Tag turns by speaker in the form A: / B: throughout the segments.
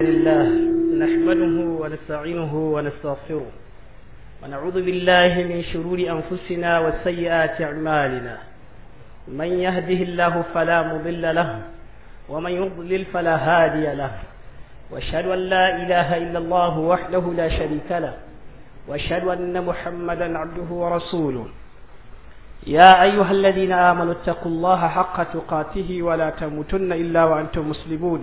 A: لله نحمده ونستعينه ونستغفره ونعوذ بالله من شرور أنفسنا وسيئات أعمالنا من يهده الله فلا مضل له ومن يضلل فلا هادي له واشهد أن لا إله إلا الله وحده لا شريك له واشهد أن محمدا عبده ورسوله يا أيها الذين آمنوا اتقوا الله حق تقاته ولا تموتن إلا وأنتم مسلمون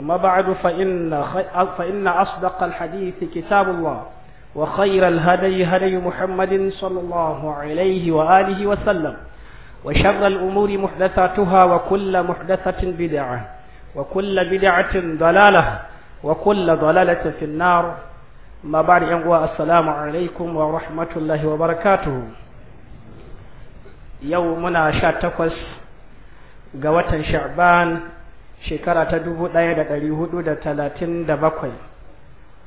A: أما بعد فإن, فإن أصدق الحديث كتاب الله وخير الهدي هدي محمد صلى الله عليه وآله وسلم وشر الأمور محدثاتها وكل محدثة بدعة وكل بدعة ضلالة وكل ضلالة في النار ما بعد أنقوى السلام عليكم ورحمة الله وبركاته يومنا شاتكوس قوة شعبان shekara ta dubu ɗaya da ɗari hudu da talatin da bakwai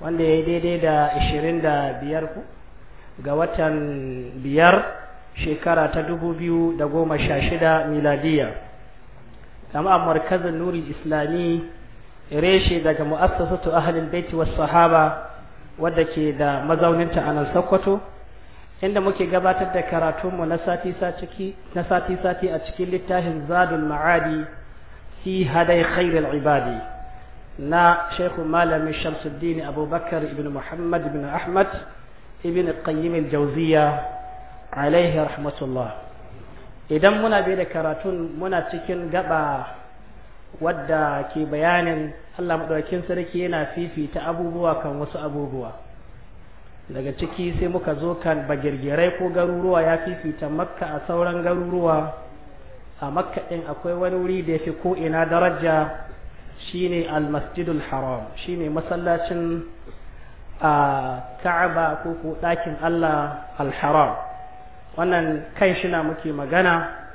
A: wanda ya yi daidai da ashirin da biyar ku ga watan biyar shekara ta dubu biyu da goma sha shida miladiya kama a markazin nuri islami reshe daga mu'assasatu ahalin baiti wasu sahaba wadda ke da mazauninta a nan sokoto inda muke gabatar da karatunmu na sati-sati a cikin littafin zadun ma'adi fi hadai khairul ibadi na shaikhu malamin shamsuddin abubakar ibn muhammad ibn ahmad ibn qayyim al-jawziya alaihi rahmatullah idan muna bai da karatun muna cikin gaba wadda ke bayanin Allah maɗaukin sarki yana fifita abubuwa kan wasu abubuwa daga ciki sai muka zo kan bagirgirai ko garuruwa ya fifita makka a sauran garuruwa a makka ɗin akwai wani wuri da yafi ko ina daraja shine almasjidul haram shine masallacin a ka'aba ko ko dakin Allah alharam wannan kai shi na muke magana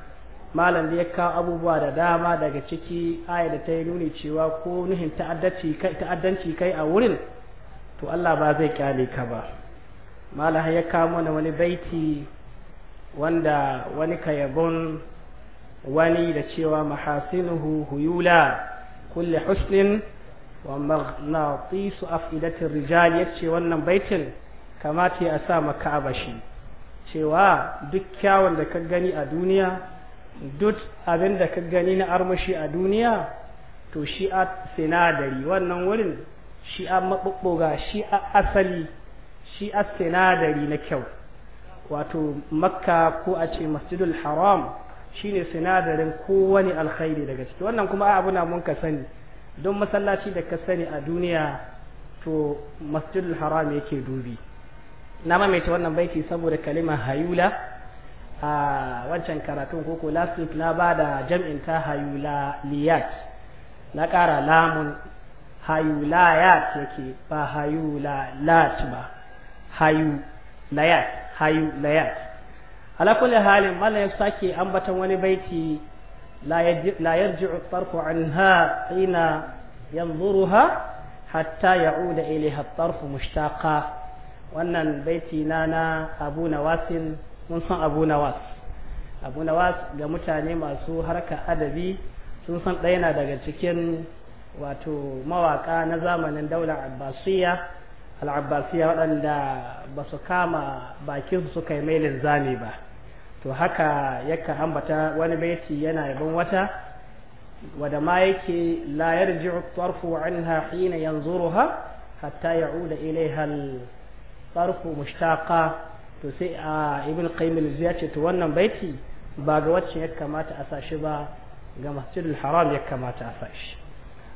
A: malam da ya kawo abubuwa da dama daga ciki aya da ta yi nuni cewa ko nuhin ta'addanci kai a wurin to Allah ba zai kyale ka ba malam ya kawo mana wani baiti wanda wani kayabon wani da cewa mahasinuhu huyula kulli husnin wa afidatin afidatir rijal yace wannan baitin kamata ya sa maka abashi cewa duk kyawun da ka gani a duniya duk abin da ka gani na armashi a duniya to shi a sinadari wannan wurin shi a maɓuɓɓuga shi a asali shi a sinadari na kyau wato makka ko a ce masjidul haram shine sinadarin kowane alkhairi daga ciki wannan kuma abu na mun ka sani don masallaci da ka sani a duniya to masjidul haram yake dubi na mamaita wannan baiti saboda kalimar hayula a wancan karatun koko last week na ba da jam'in ta hayula liyat na kara lamun hayulayat yake ba hayula lat ba hayu layat hayu layat ala kulli halin mala ya sake ambaton wani baiti la yarji'u tarku anha hina yanzuruha hatta ya'uda ilayha tarfu mushtaqa wannan baiti na na Abu Nawas mun san Abu Nawas Abu Nawas ga mutane masu harka adabi sun san ɗaya na daga cikin wato mawaka na zamanin daular abbasiyya al'abbasiyya waɗanda ba su kama bakinsu suka yi mai linzami ba to haka yakan ambata wani baiti yana yabon wata wada ma yake la yarji'u tarfu anha hina yanzuruha hatta ya'uda ilai al-tarfu mushtaqa to sai a ibn qayyim al ce to wannan baiti ba ga wacce ya kamata a sashi ba ga masjidul haram ya kamata a sashi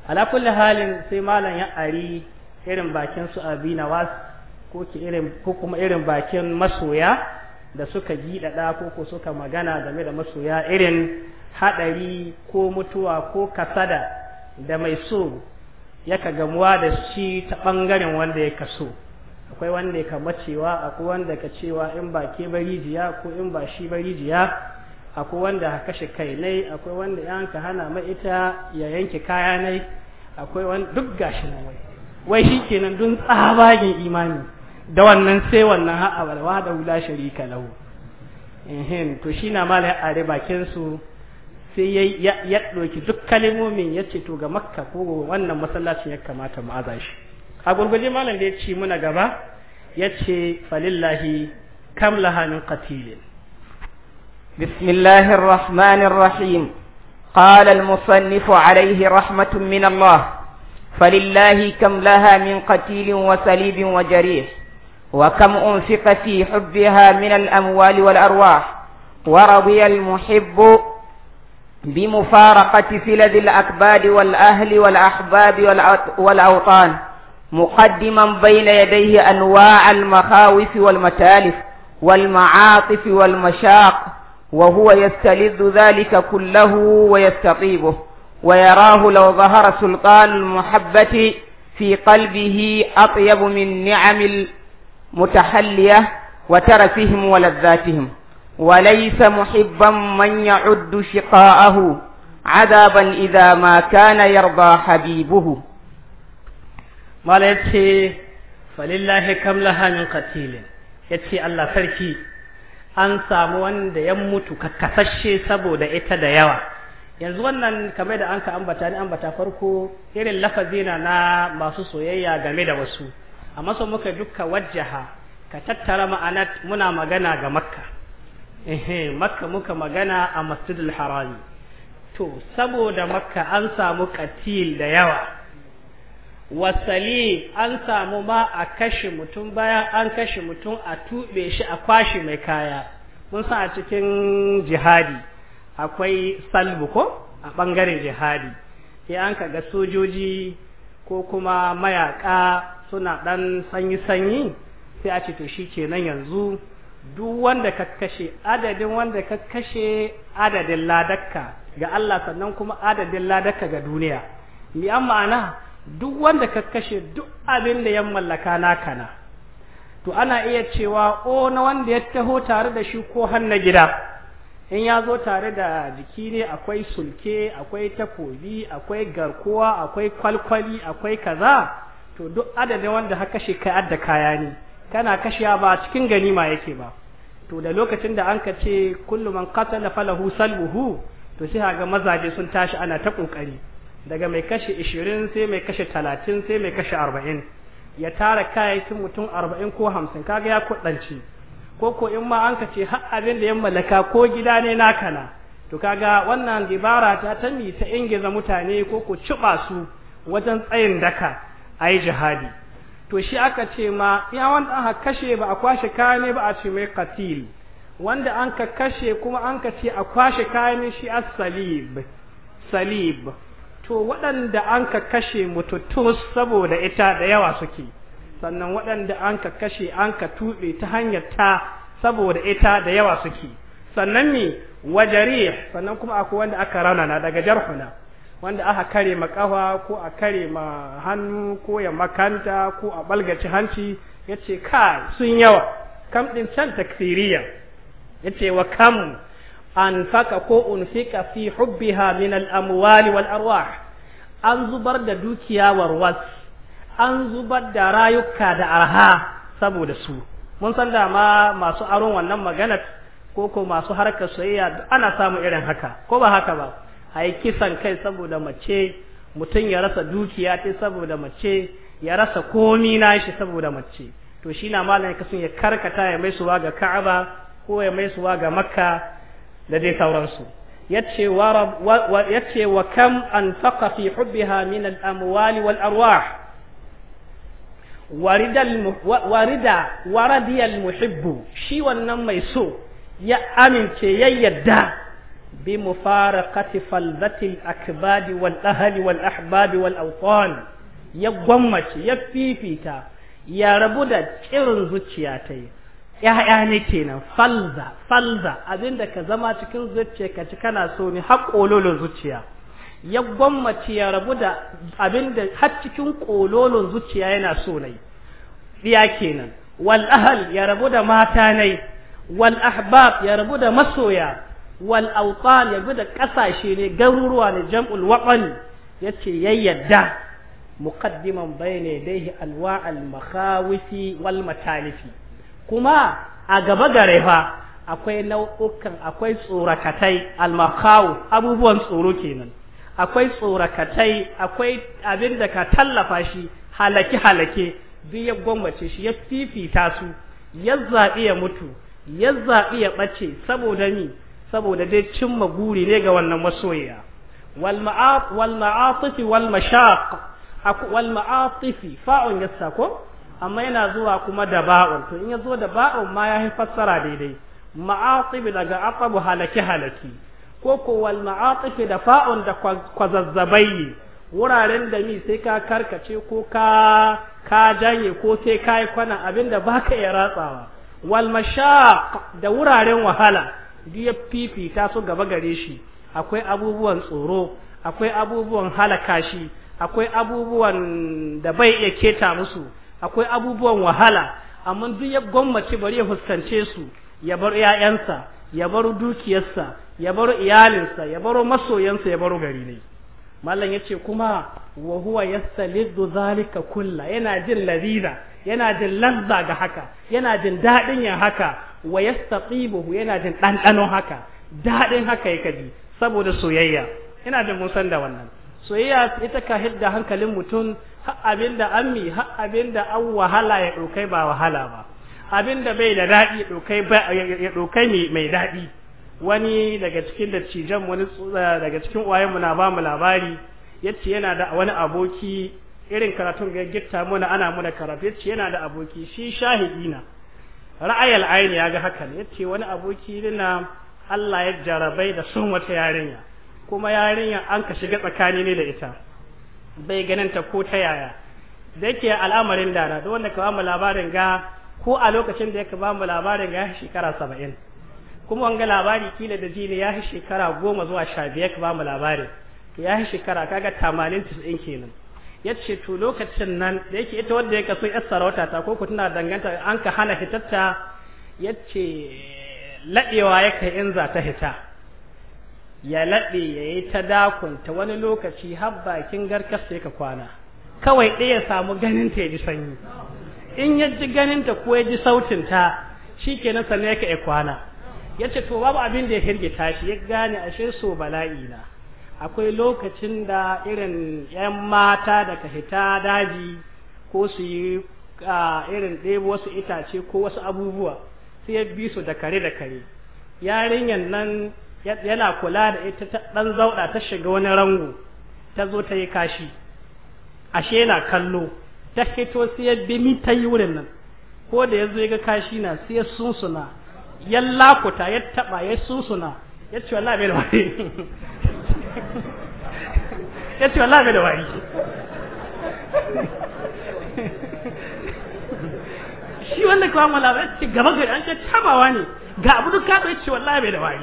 A: ala kulli halin sai malam ya ari irin bakin su abina was ko ki irin ko kuma irin bakin masoya da suka giɗaɗa ko ko suka magana game da masoya irin haɗari ko mutuwa ko kasada da mai so yaka gamuwa da shi ta bangaren wanda ya kaso akwai wanda ka macewa akwai wanda ka cewa in ba ke barijiya ko in ba shi barijiya akwai wanda ka kashe kai nai akwai wanda ka hana mai ita ya yanke kaya nai akwai wanda duk gashi nan wai wai kenan dun tsabagen imani da wannan sai wannan ha'a bal wa da wula sharika lahu ehin to shi na malai are bakin su sai ya ya doki duk kalimomin yace to ga makka ko wannan masallacin ya kamata mu aza shi a gurgurje malam da ya ci muna gaba ya yace falillahi kam laha min qatilin بسم الله الرحمن الرحيم
B: قال المصنف عليه رحمة من kam laha min لها wa قتيل wa وجريح وكم أنفق في حبها من الأموال والأرواح ورضي المحب بمفارقة فلذ الأكباد والأهل والأحباب والأوطان مقدما بين يديه أنواع المخاوف والمتالف والمعاطف والمشاق وهو يستلذ ذلك كله ويستطيبه ويراه لو ظهر سلطان المحبة في قلبه أطيب من نعم متحلية وترفهم ولذاتهم وليس محبا من يعد شقاءه عذابا إذا ما كان يرضى حبيبه
A: ما ليتي فلله كم لها من قتيل يتي الله فركي an samu wanda ya mutu kasashe saboda ita da yawa yanzu wannan kamar da an ka ambata ni ambata farko irin lafazina na masu soyayya game da wasu a maso muka dukka wajaha ka tattara ma'anat muna magana ga makka ehe makka muka magana a masjidul harami to saboda makka an samu katil da yawa wasali an samu ma a kashe mutum bayan an kashe mutum a tube shi a kwashe mai kaya mun sa a cikin jihadi akwai salbu ko a bangaren jihadi sai an ka ga sojoji ko kuma mayaka. suna ɗan sanyi-sanyi sai a cito shi shi kenan yanzu duk wanda ka kashe adadin wanda ka kashe adadin ladakka ga Allah sannan kuma adadin ladakka ga duniya mi an ma'ana duk wanda ka kashe duk abin da ya mallaka naka na to ana iya cewa o na wanda ya taho tare da shi ko har gida in ya zo tare da jiki ne akwai sulke akwai takobi akwai garkuwa akwai kwalkwali akwai kaza to duk adadin wanda ha kashe kai adda kaya ne kana kashiya ba cikin ganima yake ba to da lokacin da an ce kullu man qatala falahu salbuhu to sai ga mazaje sun tashi ana ta kokari daga mai kashe 20 sai mai kashe 30 sai mai kashe 40 ya tara kayayyakin mutum 40 ko 50 kaga ya kudanci ko ko in ma an ce har abin da ya mallaka ko gida ne naka na to kaga wannan dibara ta tami ta ingiza mutane ko ku cuba su wajen tsayin daka a jihadi to shi aka ce ma ya wanda aka kashe ba a kwashe kayan ba a ce mai katil wanda an ka kashe kuma an ka ce a kwashe kayan shi as salib salib to waɗanda an ka kashe mututus saboda ita da yawa suke sannan waɗanda an ka kashe an ka tuɓe ta hanyar ta saboda ita da yawa suke sannan ne wajari sannan kuma akwai wanda aka na daga jarhuna wanda aka kare ma kafa ko a kare ma hannu ko ya makanta ko a balgaci hanci yace ka sun yawa kam din can ya yace wa kam an faka ko unfika fi hubbiha min al-amwali wal arwah an zubar da dukiya warwas an zubar da rayuka da arha saboda su mun san dama masu aron wannan maganar ko ko masu harkar soyayya ana samu irin haka ko ba haka ba a kisan kai saboda mace mutum ya rasa dukiya ta saboda mace ya rasa komi na shi saboda mace to shi na malam ya ya karkata ya mai suwa ga ka'aba ko ya mai suwa ga makka da dai sauransu yace wa wa kam an anfaqa fi hubbiha min al wal arwah warida warida muhibbu shi wannan mai so ya amince ya yadda بمفارقة فلذة الأكباد والأهل والأحباب والأوطان ya gwammace ya fifita ya rabu da kirin zuciya ta yi ‘ya'ya ne kenan falza falza abinda ka zama cikin zuciya ka ci kana so ne zuciya ya gwammace ya rabu da abinda har cikin ƙololin zuciya yana so ne kenan wal ahal ya rabu da mata nai wal ahbab ya rabu da masoya wal awtan ya da kasashe ne garuruwa ne jam'ul waqan yace yayyada muqaddiman bayna dai alwa al makhawisi wal matalifi kuma a gaba gare fa akwai nau'ukan akwai tsorakatai al abubuwan tsoro kenan akwai tsorakatai akwai abin da ka tallafa shi halake halake duk ya gwammace shi ya fifita su ya zaɓi ya mutu ya zaɓi ya ɓace saboda ni saboda dai cimma guri ne ga wannan masoyiya wal ma'at wal ma'atifi wal mashaq wal ma'atifi fa'un yassa amma yana zuwa kuma da ba'un to in ya zo da ba'un ma ya fassara daidai ma'atibi daga aqabu halaki halaki ko ko wal ma'atifi da fa'un da kwazazzabai wuraren da mi sai ka karkace ko ka ka janye ko sai kai kwana abinda baka iya ratsawa wal mashaq da wuraren wahala duk ya fifita su gaba gare shi akwai abubuwan tsoro akwai abubuwan halaka shi akwai abubuwan da bai iya keta musu akwai abubuwan wahala amma duk ya gwammace bari ya fuskance su ya bar 'ya'yansa ya bar dukiyarsa ya bar iyalinsa ya bar masoyansa ya bar gari ne mallan yace kuma wa huwa yastalidu zalika kulla yana jin lazira yana jin lazza ga haka yana jin dadin ya haka wa yastaqibuhu yana jin ɗanɗano haka daɗin haka ya kaji saboda soyayya ina da mun san da wannan soyayya ita ka hidda hankalin mutum ha abinda ammi har abinda an wahala ya ɗaukai ba wahala ba abinda bai da daɗi ya ɗaukai mai daɗi wani daga cikin dattijan wani eh, daga cikin mu na mu labari yace yana da wani aboki irin karatun ga gitta muna ana muna karatu yace yana da aboki shi shahidi na ra'ayal aini ya ga haka ne yace wani aboki na Allah ya jarabai da son wata yarinya kuma yarinya an ka shiga tsakani ne da ita bai ganin ta ko ta yaya da yake al'amarin dana da wanda ka ba mu labarin ga ko a lokacin da yake ba mu labarin ga shekara saba'in kuma wanga labari kila da jini ya shekara goma zuwa sha biyar ka ba mu labarin ya shekara kaga tamanin tis'in kenan Ya ce to lokacin nan da yake ita wanda ya kaso yar sarauta ta ko ku tuna danganta an ka hana hitatta yace ladewa kai in za ta hita ya ya yi ta dakunta wani lokaci har bakin garkas sai ka kwana kawai ɗaya ya samu ganin ta ji sanyi in ya ji ganin ta ko ya ji sautin ta shi ke nan sannan ya ya kwana ya ce to babu abin da ya hirgita shi ya gane ashe so bala'i na akwai lokacin da irin 'yan mata daga hita daji ko su yi irin ɗebo wasu itace ko wasu abubuwa sai ya bi su da kare da kare yarinyar nan yana kula da ita ta ɗan zauɗa ta shiga wani rango ta zo ta yi kashi ashe na kallo ta hito sai ya bi mita ta yi wurin nan ko da ya zo ya ga kashi na sai ya sunsuna ya lakuta ya taɓa ya sunsuna ya ce wani abin da wani
C: ya ce wallahi da wari shi wanda
A: kawo mala ba ce gaba gari an ce tabawa ne ga abu duk kaɗo ya ce wallahi bai da wari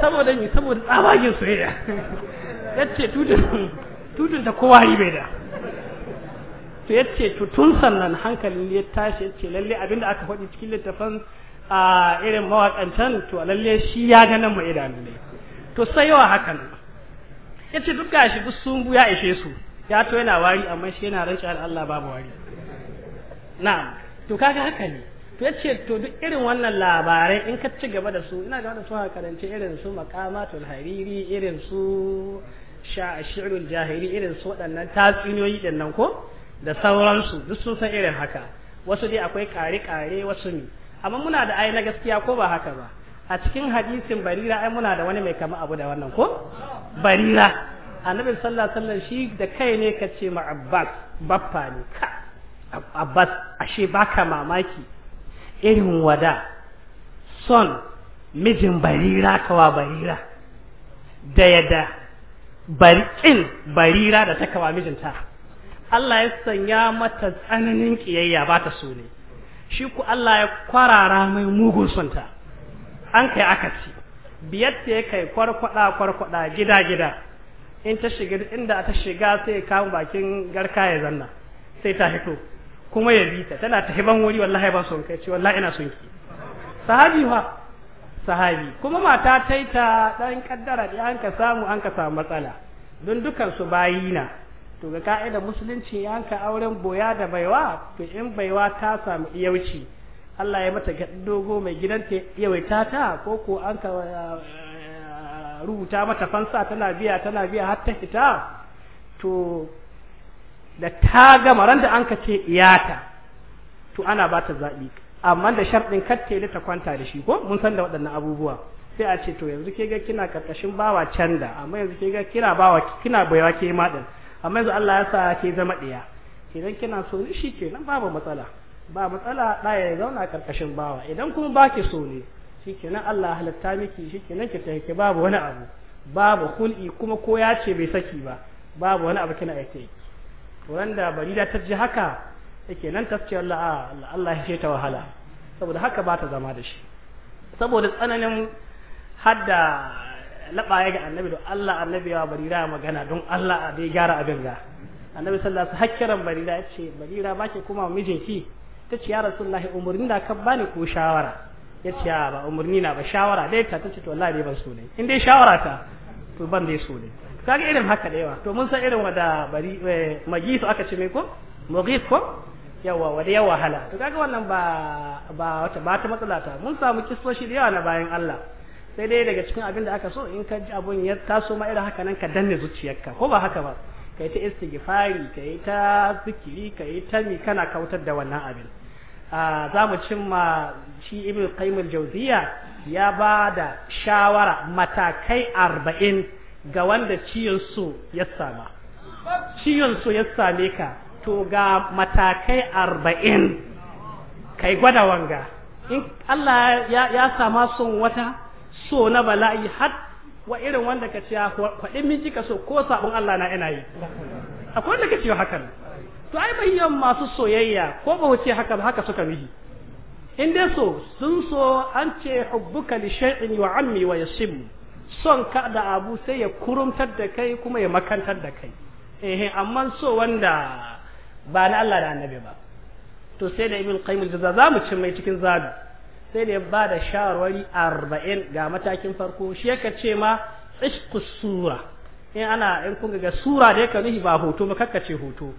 A: saboda ni saboda tsabagen soyayya
C: ya ce tudun ta kowa yi bai da
A: to ya ce tun sannan hankalin ya tashi ya ce lalle abinda aka faɗi cikin littafan a irin mawaƙancan to lalle shi ya ganin mu idanu ne to sai yawa hakan yace duk gashi duk sun ya ishe su ya to yana wari amma shi yana rantsa da Allah babu wari na'am to kaga haka ne to yace to duk irin wannan labarai in ka ci gaba da su ina ga da su haka karance irin su maqamatul hariri irin su sha'irul jahili irin su waɗannan tatsuniyoyi din nan ko da sauransu duk sun san irin haka wasu dai akwai kare kare wasu ne amma muna da ai na gaskiya ko ba haka ba a cikin hadisin barira ai muna da wani mai kama abu da wannan ko barira annabi sallallahu alaihi wasallam shi da kai ne ka ce ma abbas baffa ne ka abbas ashe baka mamaki irin wada son mijin barira kawa barira da yada barkin barira da ta kawa mijinta Allah ya sanya mata tsananin kiyayya ba ta so ne shi ku Allah ya kwarara mai mugun ta. an kai aka ci biyar ta kai kwarkwada kwarkwada gida gida in ta shiga inda ta shiga sai kawo bakin garka ya zanna sai ta hito kuma ya bi ta tana ta hiban wuri wallahi ba son kai ce wallahi ina son ki sahabi wa sahabi kuma mata taita dan kaddara da an ka samu an ka samu matsala don dukan su bayi na to ga ka'ida musulunci yanka auren boya da baiwa to in baiwa ta samu iyauci Allah ya mata dogo mai gidanta yawaita ta ko ko an ka eh, eh, rubuta mata fansa tana biya tana biya har ta fita to da ta gama ran da an ka ce iyata to ana ba ta zaɓi amma da sharɗin katte ta kwanta da shi ko mun san da waɗannan abubuwa sai a ce to yanzu ke ga kina karkashin bawa canda amma yanzu ke ga kina bawa kina baiwa ke ma din amma yanzu Allah ya sa ke zama ɗaya idan kina so shi kenan babu matsala ba matsala ɗaya ya zauna karkashin bawa idan kuma ba baki so ne shikenan Allah halatta miki shikenan ki tafi babu wani abu babu hul'i kuma ko ya ce bai saki ba babu wani abu kina aike wanda barida ta ji haka yake nan ta ce Allah ah, Allah ya ta wahala saboda haka ba ta zama da shi saboda tsananin hadda laɓaya ga annabi don Allah annabi ya da magana don Allah a dai gyara abin ga annabi sallallahu alaihi wasallam hakkiran barira ya ce ba ke kuma mijinki ta ce ya rasulullahi umarni na ka bani ko shawara ya ce ya ba umarni na ba shawara dai ta ce to wallahi ban so ne in dai shawara ta to ban dai so ne kaga irin haka da yawa to mun san irin wada bari eh, magisu aka ce mai ko mughis ko yawa wada yawa hala to kaga wannan ba ba wata ba ta matsala ta mun samu kisoshi da yawa na bayan Allah sai dai daga cikin abin da aka so in ka ji abun ya taso ma irin haka nan ka danne zuciyarka ko ba haka ba kai ta istighfari kai ta zikiri kai ta mi kana kautar da wannan abin za mu cimma shi ibn qaymul jawziya ya ba da shawara matakai arba'in ga wanda ciyon su ya sama ciyon su ya same ka to ga matakai arba'in kai gwada wanga in Allah ya, ya sama son wata so na bala'i har wa irin wanda ka ce kwaɗin min kika so ko sabon Allah na ina yi akwai wanda ka haka hakan to ai bayyan masu soyayya ko ba wuce haka ba haka suka miji in dai so sun so an ce hubbuka li shay'in wa wa yasim son ka da abu sai ya kurumtar da kai kuma ya makantar da kai eh amma so wanda ba na Allah da annabi ba to sai da ibn qayyim da za mu ci mai cikin zabi sai da ya ba da shawarwari 40 ga matakin farko shi yake ce ma ishqus sura in ana in kun ga sura da yake nuhi ba hoto ba kakkace hoto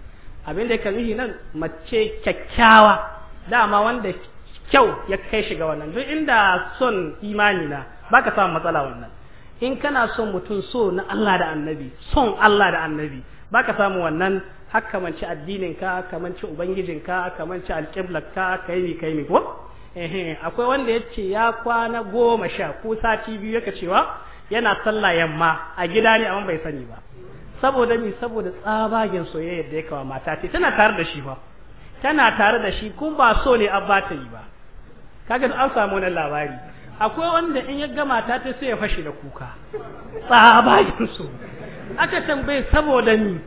A: abin da ya kan yi nan mace kyakkyawa dama wanda kyau ya kai shi ga wannan duk inda son imani na baka samu matsala wannan in kana son mutum so na Allah da annabi son Allah da annabi baka samu wannan haka kamanci addininka kamanci ubangijinka ka alƙiblarka kai ni kai ni ko akwai wanda ya ce ya kwana goma sha ko sati biyu yaka cewa yana sallah yamma a gida ne amma bai sani ba saboda mi saboda tsabagen soyayyar da ya kawo mata ce tana tare da shi ba tana tare da shi kun ba so ne an ba ta yi ba kaga an samu wannan labari akwai wanda in ya ga ta ta sai ya fashe da kuka
C: tsabagen
A: so aka tambaye saboda ni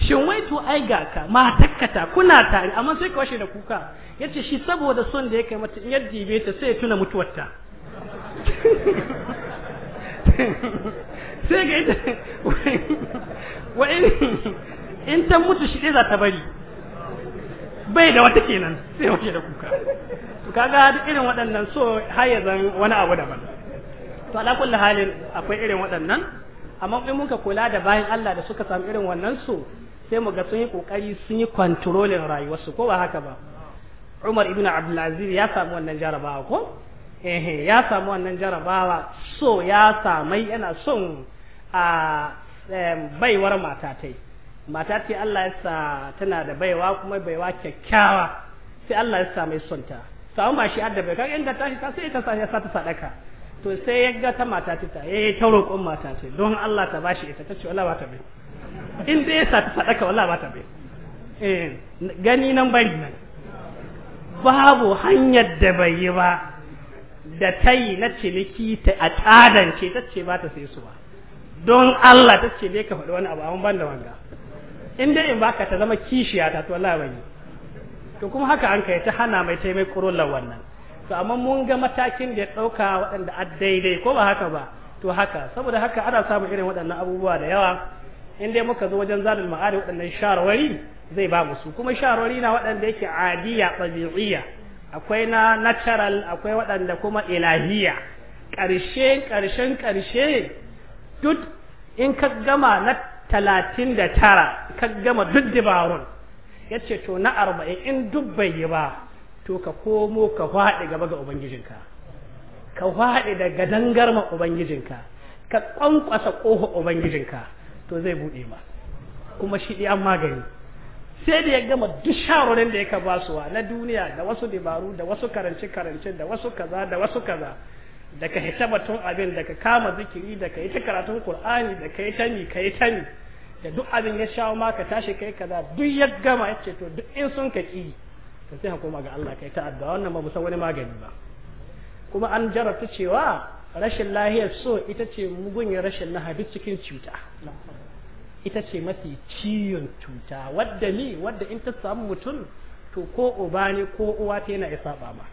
A: shin wai to ai ga ka matakka kuna tare amma sai ka washe da kuka yace shi saboda son da ya kai mata in ya dibe ta sai ya tuna mutuwarta sai ga ita wa in ta mutu shi za ta bari bai da wata kenan sai wace da kuka to kaga duk irin waɗannan so hayazan wani abu daban to ala kulli halin akwai irin waɗannan amma in muka kula da bayan Allah da suka samu irin wannan so sai mu ga sun yi kokari sun yi controlling rayuwarsu ko ba haka ba Umar ibn Abdul Aziz ya samu wannan jarabawa ko eh ya samu wannan jarabawa so ya samai yana son a ah, Eh, baiwar mata ta mata ce Allah ya sa tana da baiwa kuma baiwa kyakkyawa sai Allah ya sa mai son ta samu ma shi adda bai kaga inda tashi ta sai ta sa ya sa daka sadaka to sai ya ga ta mata ta yi eh, ta roƙon mata ta don Allah ta bashi ita ta ce wala ba ta bai in dai ya sa ta sadaka wallahi ba ta bai eh, gani nan bari nan babu hanyar da bai yi ba da ta yi na ciniki ta a tsadance ta ce ba ta sai su ba don Allah ta ce dai ka faɗi wani abu a ban da wanga in dai in baka ta zama kishiya ta tuwa labari to kuma haka an kai ta hana mai taimai mai wannan to amma mun ga matakin da ya ɗauka waɗanda a daidai ko ba haka ba to haka saboda haka ana samun irin waɗannan abubuwa da yawa in dai muka zo wajen zalin ma'ari waɗannan shawarwari zai ba musu su kuma shawarwari na waɗanda yake adiya tabi'iyya akwai na natural akwai waɗanda kuma ilahiya ƙarshen ƙarshen ƙarshe duk in ka gama na talatin da tara ka gama duk dabarun ya ce to na arba'in in duk bai yi ba to ka komo ka faɗi gaba ga ubangijinka ka faɗi da gadangar ma ubangijinka ka ƙwanƙwasa ƙofa ubangijinka to zai buɗe ma kuma shi ɗi an magani sai da ya gama duk shawarorin da ya ka basuwa na duniya da wasu dabaru da wasu karance karance da wasu kaza da wasu kaza Daga ka tun abin daga kama zikiri daga ita ta karatun kur'ani da ka yi ta ni ka yi ta ni da duk abin ya shawo ma ka tashi kai kaza duk ya gama ya ce to duk in sun ka ki to sai koma ga Allah kai ta addu'a wannan ba musan wani magani ba kuma an jarabta cewa rashin lahiyar so ita ce ya rashin lahabi cikin cuta ita ce mafi ciyon cuta wadda ni wadda in ta samu mutum to ko uba ne ko uwa ta yana ya saba ma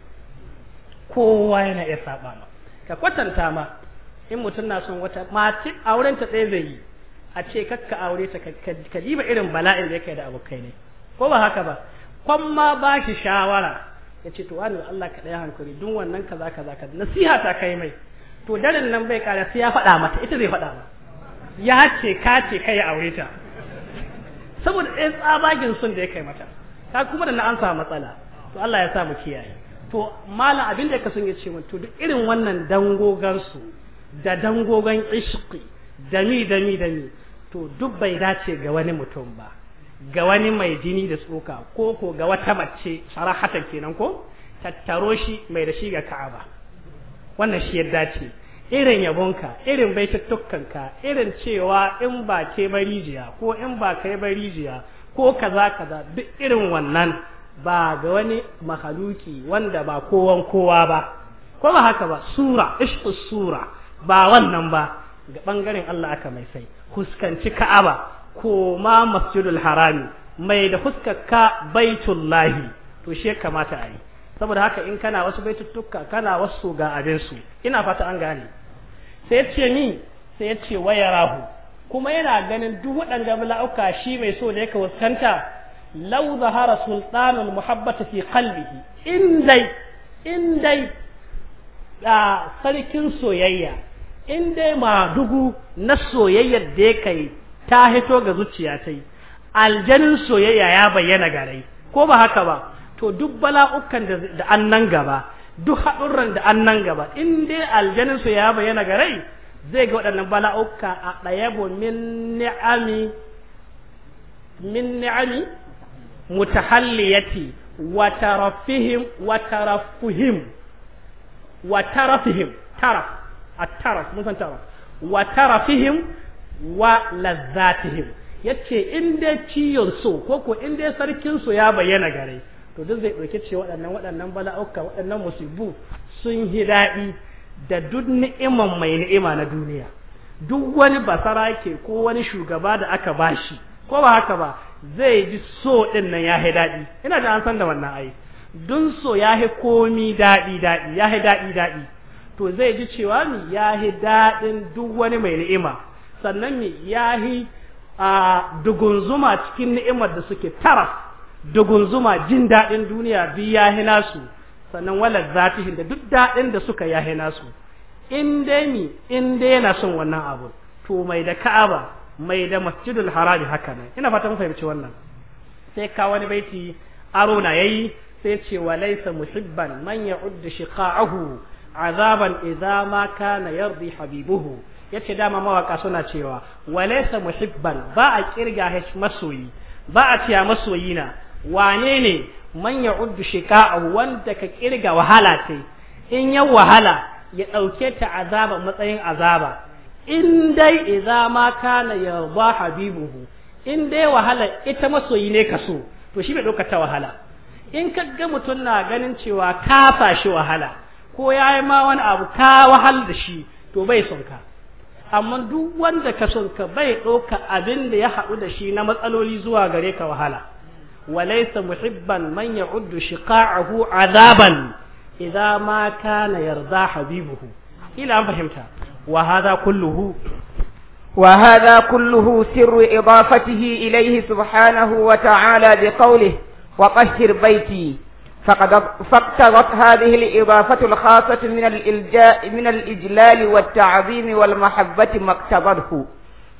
A: kowa yana iya saba ma ka kwatanta ma in mutum na son wata mace auren ta tsaye zai yi a ce kakka aure ta ka diba irin bala'in da yake da abokai ne ko ba haka ba kwan ma ba shi shawara ya ce to wani Allah ka ɗaya hankali dun wannan kaza kaza kaza nasiha ta kai mai to darin nan bai kare sai ya faɗa mata ita zai faɗa ma ya ce ka ce kai aure ta saboda ɗaya tsabagin sun da ya kai mata ka kuma da na an samu matsala to Allah ya sa mu kiyaye to malam abin da ka sun ya ce to duk irin wannan su da dangogon da dami da dami to duk bai dace ga wani mutum ba ga wani mai jini da tsoka ko ko ga wata mace sarahatan kenan ko tattaro shi mai da shi ga ka'aba wannan shi ya dace irin yabonka irin baitattukanka irin cewa in ba ke barijiya ko in ba kai barijiya ko kaza kaza duk irin wannan ba ga wani mahaluki wanda ba kowan kowa ba ko ba haka ba sura ishku sura ba wannan ba ga bangaren Allah aka mai sai huskanci Ka'aba ko ma Masjidul Harami mai da huskarka Baitullahi to shi kamata a yi saboda haka in kana wasu baituttuka kana wasu ga abin su ina fata an gane sai ya ce ni sai ce wayarahu kuma yana ganin duk waɗanda bala'uka shi mai so da yake wasanta law zahara sultanul muhabbata fi qalbihi in dai in dai a sarkin soyayya in dai madugu na soyayyar da ya ta hito ga zuciya ta yi aljanin soyayya ya bayyana garai ko ba haka ba to duk bala'ukan da an nan gaba duk haɗurran da an nan gaba in dai aljanin su ya bayyana garai zai ga waɗannan bala'uka a ɗayabo min ni'ami min ni'ami mutahalliyati wa tarafihim wa tarafuhim wa tarafihim taraf at-taraf mun san taraf wa tarafihim wa lazzatihim yace in dai ciyon so ko ko in dai sarkin so ya bayyana gare to duk zai dauke ce waɗannan waɗannan bala'uka waɗannan musibu sun yi daɗi da duk ni'iman mai ni'ima na duniya duk wani basara ke ko wani shugaba da aka bashi ko ba haka ba zai ji so ɗin nan ya daɗi ina da an san da wannan ai dun so ya komi daɗi daɗi ya daɗi daɗi to zai ji cewa mi ya daɗin duk wani mai ni'ima sannan mi ya a dugunzuma cikin ni'imar da suke tara dugunzuma jin daɗin duniya bi ya nasu sannan wala zatihin da duk daɗin da suka ya nasu in dai mi in dai yana son wannan abu to mai da ka'aba mai da masjidul harami haka ne ina fata mun fahimci wannan sai ka wani baiti aro na yayi sai ce wa laysa muhibban man ya'uddu shiqa'ahu azaban idza ma kana yardi habibuhu yace dama mawaka suna cewa wa laysa muhibban ba a kirga hash masoyi ba a ciya masoyi na wane ne man ya'uddu shiqa'ahu wanda ka kirga wahala sai in ya wahala ya dauke ta azaba matsayin azaba in dai idza ma kana yarda habibuhu in dai wahala ita masoyi ne kaso to shi bai dauka ta wahala in ka ga mutum na ganin cewa ka fashi wahala ko ya yi ma wani abu ka wahal da shi to bai son amma duk wanda ka son ka bai ɗauka abin da ya haɗu da shi na matsaloli zuwa gare ka wahala walaysa muhibban man ya'uddu shiqa'ahu azaban idza ma kana yarda habibuhu ila an fahimta وهذا كله وهذا
B: كله سر إضافته إليه سبحانه وتعالى بقوله وطهر بيتي فقد فاقتضت هذه الإضافة الخاصة من الإلجاء من الإجلال والتعظيم والمحبة ما اقتضته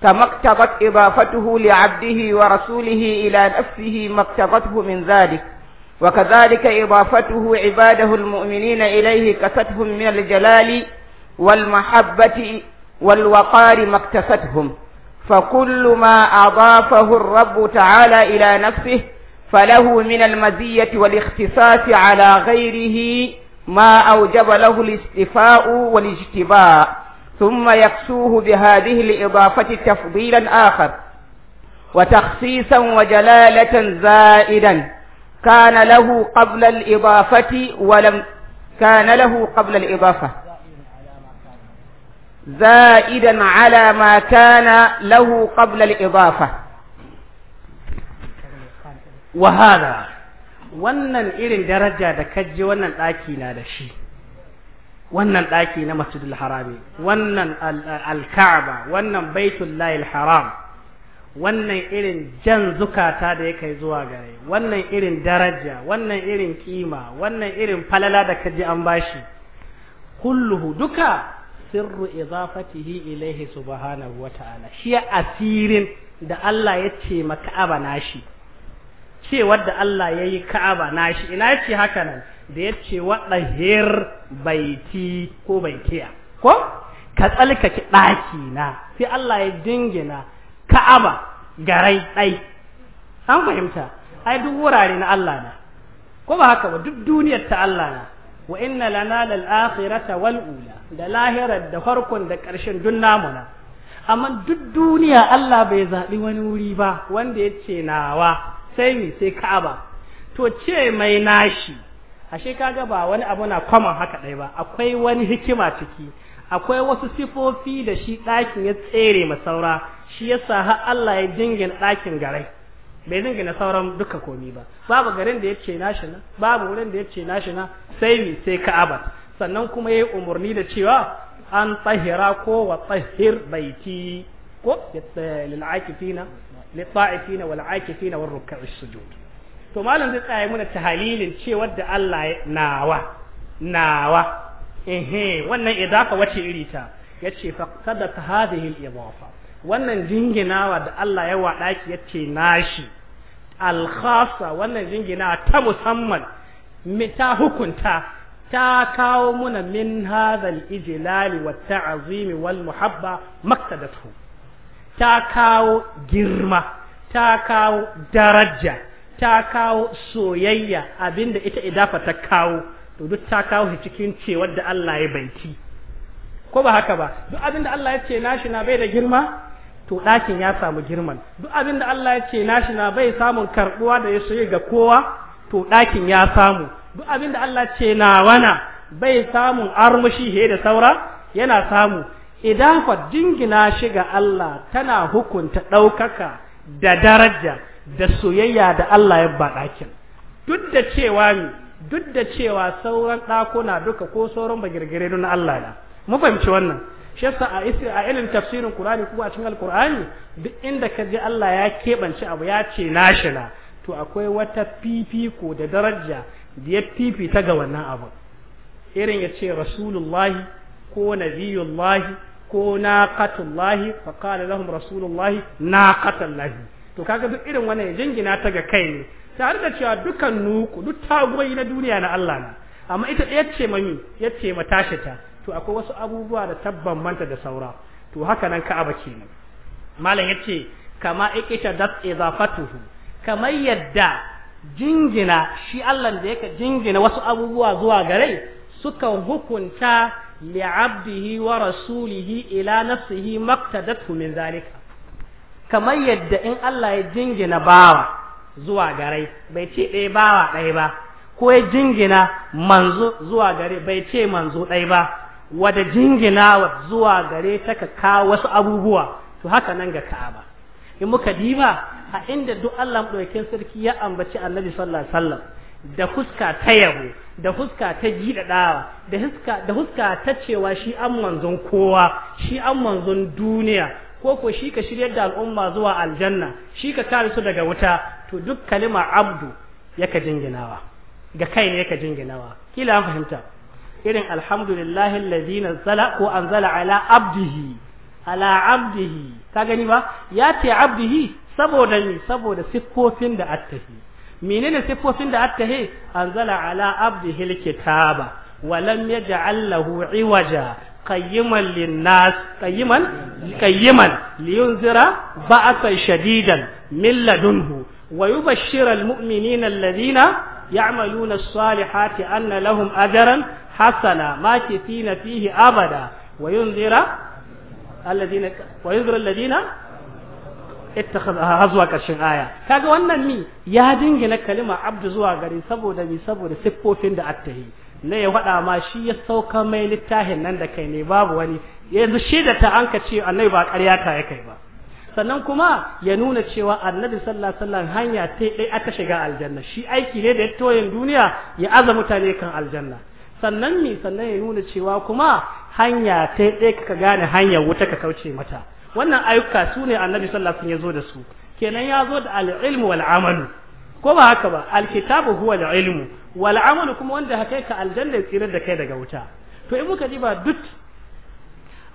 B: كما اقتضت إضافته لعبده ورسوله إلى نفسه ما اقتضته من ذلك وكذلك إضافته عباده المؤمنين إليه كستهم من الجلال والمحبة والوقار ما اكتستهم فكل ما أضافه الرب تعالى إلى نفسه فله من المزية والاختصاص على غيره ما أوجب له الاستفاء والاجتباء ثم يكسوه بهذه الإضافة تفضيلا آخر وتخصيصا وجلالة زائدا كان له قبل الإضافة ولم كان له قبل الإضافة زائدا على ما كان
A: له
C: قبل الإضافة وهذا
A: wannan irin daraja da kaji wannan ɗaki na da shi wannan ɗaki na masjidul harami wannan alka'aba wannan baitul layil haram wannan irin jan zukata da ya kai zuwa gare wannan irin daraja wannan irin kima wannan irin falala da kaji an bashi kulluhu duka sirru idafatihi ilaihi subhanahu ta'ala shi asirin da Allah ya ce ma Ka'aba nashi cewa da Allah ya yi Ka'aba nashi ina ce haka nan da ya ce waɗahir baiti ko baitiya ko ka tsalkake ɗaki na sai Allah ya dingina Ka'aba garai ɗai an fahimta ai duk wurare na Allah na ko ba haka ba duk duniyar ta Allah na wa inna lana lal akhirata wal ula da lahirar da farkon da ƙarshen duk namuna amma duk duniya Allah bai zaɓi wani wuri ba wanda ya ce nawa sai mi sai Ka'aba to ce mai nashi ashe kaga ba wani abu na kwaman haka ɗaya ba akwai wani hikima ciki akwai wasu sifofi da shi ɗakin ya tsere masaura shi yasa har Allah ya dingin ɗakin garai bai na sauran duka komi ba babu garin da yace nashi na babu wurin da yace nashi na sai mi sai ka'aba sannan kuma yayi umurni da cewa an tahira ko wa tahir baiti ko lil akifina lil ta'ifina wal akifina wal ruk'i sujud to malam zai tsaya muna tahalilin cewa da Allah nawa nawa ehe wannan idafa wace iri ta yace faqadat hadhihi al idafa wannan jinginawa da Allah ya waɗaki ya ce nashi alkhasa wannan jinginawa ta musamman ta hukunta ta kawo muna min hazal ijlali wa ta'zimi wal muhabba maktadatu ta kawo girma ta kawo daraja ta kawo soyayya abinda ita idafa ta kawo to duk ta kawo shi cikin cewar da Allah ya baiti ko ba haka ba duk abinda Allah ya ce nashi na bai da girma to ɗakin ya samu girman duk abin da Allah ya ce nashi na bai samun karbuwa da ya shige ga kowa to ɗakin ya samu duk abin da Allah ce na wana bai samun armushi he da saura yana samu idan fa dingina shi ga Allah tana hukunta ɗaukaka da daraja da soyayya da Allah ya ba ɗakin duk da cewa ni duk da cewa sauran ɗakuna duka ko sauran bagirgire na Allah ne mu fahimci wannan shi a a a ilin tafsirin Qur'ani ko a cikin al duk inda ka ji Allah ya keɓance abu ya ce nashi to akwai wata ko da daraja da ya fifita ga wannan abu irin ya ce rasulullahi ko nabiyullahi ko naqatullahi fa qala lahum rasulullahi naqatullahi to kaga duk irin wannan ya jingina ta ga kai ne tare da cewa dukan nuku duk tagoyi na duniya na Allah na amma ita ɗaya ce mami ya ce ma tashi ta to akwai wasu abubuwa da tabban manta da saura to haka nan ka'aba ne malam yace kama ikisha dat izafatuhu Kama yadda jingina shi Allah da yake jingina wasu abubuwa zuwa gare sukan hukunta li'abdihi wa rasulihi ila nafsihi maqtadatu min zalika kamar yadda in Allah ya jingina bawa zuwa gare bai ce ɗaya bawa ɗaya ba ko ya jingina manzo zuwa gare bai ce manzo ɗaya ba wada jinginawa zuwa gare ta ka kawo wasu abubuwa to haka nan ga Ka'aba in muka diba a inda duk Allah ɗaukin sarki ya ambaci Annabi sallallahu alaihi wasallam da fuska ta yabo da fuska ta gidadawa da fuska da fuska ta cewa shi an manzon kowa shi an manzon duniya ko ko shi ka shiryar da al'umma zuwa aljanna shi ka kare su daga wuta to duk kalima abdu yaka jinginawa ga kai ne yaka jinginawa kila an fahimta irin alhamdulillahi allazi nazzala ko anzala ala abdihi ala abdihi ka gani ba ya ce abdihi saboda ni saboda siffofin da attahi menene siffofin da attahi anzala ala abdihi alkitaba wa lam yaj'al lahu iwaja qayyiman linnas qayyiman qayyiman liyunzira ba'asan shadidan min ladunhu wa yubashshira almu'minina alladhina يعملون الصالحات أن لهم أجرا حسنا abada فيه أبدا وينذر الذين وينذر الذين ittakhadha zuwa karshen aya kaga wannan ni ya dingina kalima abdu zuwa gari saboda mi saboda siffofin da attahi ne ya fada ma shi ya sauka mai littafin nan da kai ne babu wani yanzu shi da ta anka ce nai ba ƙarya ta ya kai ba sannan kuma ya nuna cewa annabi sallallahu alaihi wasallam hanya ta dai aka shiga aljanna shi aiki ne da ya toyin duniya ya aza mutane kan aljanna sannan mi sannan ya nuna cewa kuma hanya ta dai ka gane hanya wuta ka kauce mata wannan ayyuka su ne annabi sallallahu alaihi wasallam ya zo da su kenan ya zo da al-ilmu wal amalu ko ba haka ba al-kitabu huwa al-ilmu wal amal kuma wanda haka ka aljanna tsira da kai daga wuta to in muka diba duk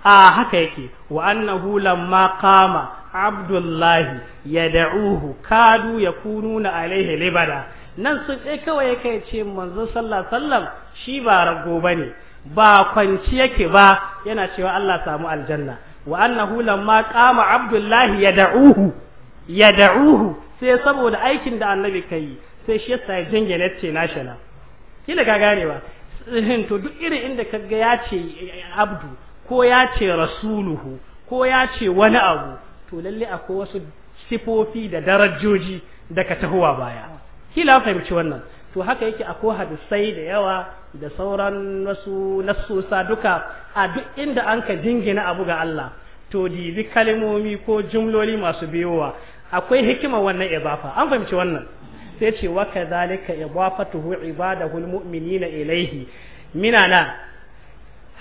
A: a haka yake wa annahu lamma qama abdullahi yad'uhu kadu yakununa alaihi libada nan sun dai kawai yake ce manzo sallallahu sallam shi ba rago ne ba kwanci yake ba yana cewa Allah samu aljanna wa annahu lamma qama abdullahi yad'uhu yad'uhu sai saboda aikin da annabi kai sai shi yasa jingene ce national kila ka ganewa to duk irin inda kaga ya ce abdu ko ya ce rasuluhu ko ya ce wani abu to lalle akwai wasu sifofi da darajoji daga tahuwa tahowa baya kila fahimci wannan to haka yake akwai hadisai da yawa da sauran wasu nassosa duka a duk inda an ka dingina abu ga Allah to dibi kalmomi ko jumloli masu biyowa akwai hikima wannan idafa an fahimci wannan sai ce wa kadhalika idafatuhu ibadahu almu'minina ilayhi minana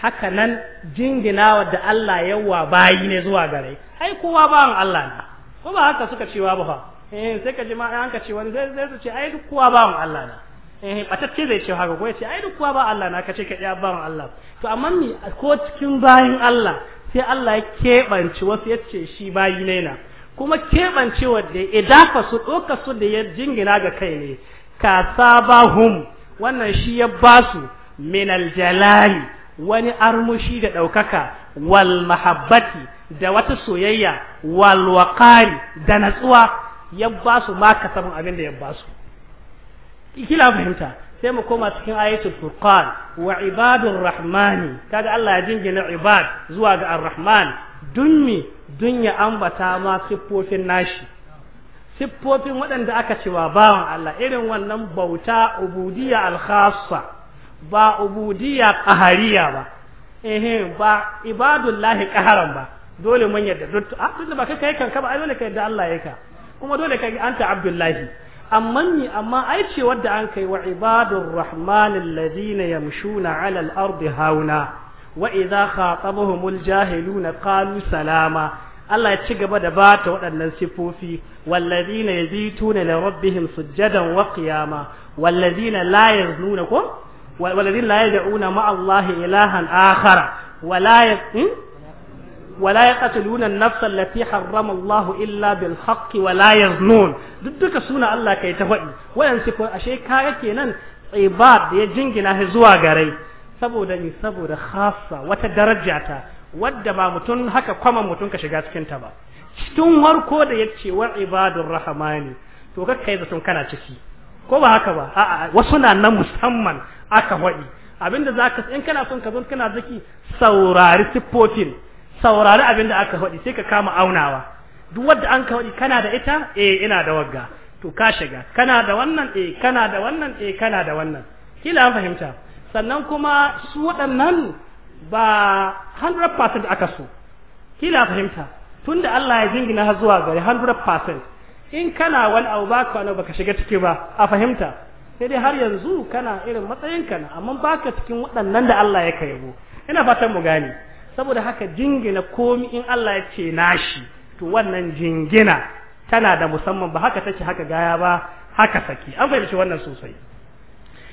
A: haka nan jinginawa da Allah yawa bayi ne zuwa gare ai kowa bawan Allah ne ko ba haka suka cewa ba fa eh sai ka ji ma an ka ce wani sai sai su ce ai duk kowa bawan Allah ne eh batacce zai ce haka ko ya ce ai duk kowa ba Allah na ka ce ka ba bawan Allah to amma mi ko cikin bayin Allah sai Allah ya keɓance wasu ya ce shi bayi ne na kuma keɓancewa da dafa su ɗoka su da ya jingina ga kai ne ka sabahum wannan shi ya basu min aljalali wani armushi da ɗaukaka wal mahabbati da wata soyayya wal da natsuwa ya ba su ma kasabin abin da ya ba su kila fahimta sai mu koma cikin ayatul furqan wa ibadur rahmani kaga Allah ya jingina ibad zuwa ga ar-rahman dunmi dunya ambata ma siffofin nashi siffofin waɗanda aka cewa bawan Allah irin wannan bauta ubudiyya al-khassa ba ubudiyya qahariya ba eh ba ibadullahi qaharan ba dole mun yadda duk a ah, tunda ba kai kai ba ai dole kai da Allah yake kuma dole kai anta abdullahi amma ni amma ai ce wanda an kai wa ibadur rahman alladhina yamshuna ala al-ardi hauna wa idha khatabahumul jahiluna qalu salama Allah ya ci gaba da bata waɗannan sifofi wallazina yazituna li rabbihim sujjadan wa qiyama wallazina la yaznuna ko والذين لا يدعون مع الله إلها آخر ولا ي... ولا يقتلون النفس التي حرم الله إلا بالحق ولا يظنون ضدك سنة الله كي تفعل وينسكو أشيء كاكي نن عباد يجنجنا هزوا غري saboda ni saboda khassa wata daraja ta wadda ba mutum haka kwama mutum ka shiga cikin ta ba cikin warko da yace wa ibadur rahmani to kakkai zaton kana ciki ko ba haka ba a'a wasu na nan musamman aka waɗi abinda ka in kana son ka zo kana zaki saurari siffofin saurari abinda aka waɗi sai ka kama aunawa duk wadda an ka waɗi kana da ita eh ina da wagga to ka shiga kana da wannan eh kana da wannan eh kana da wannan kila an fahimta sannan kuma su waɗannan ba 100% aka so kila fahimta tunda Allah ya jingina zuwa gare 100% in kana wani abu ba ka baka shiga ciki ba a fahimta sai dai har yanzu kana irin matsayin kana amma baka cikin waɗannan da Allah ya yabo ina fatan mu gani saboda haka jingina komi in Allah ya ce nashi to wannan jingina tana da musamman ba haka take haka gaya ba haka saki an fahimci wannan sosai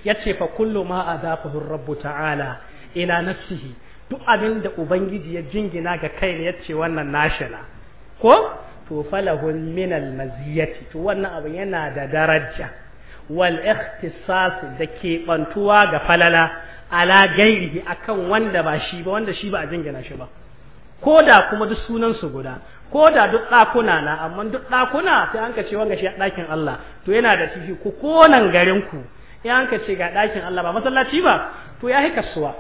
A: yace fa kullu ma azafahu rabbu ta'ala ila nafsihi duk abin da ubangiji ya jingina ga kai ne yace wannan nashina ko to falahun minal maziyati to wannan abu yana da daraja wal ikhtisas da ke bantuwa ga falala ala gairihi akan wanda ba shi ba wanda shi ba a jingina shi ba ko kuma duk sunan su guda ko da duk ɗakuna na amma duk ɗakuna sai an ce wanga shi ɗakin Allah to yana da tifi ku konan garin ku ya an ce ga dakin Allah ba masallaci ba to ya kasuwa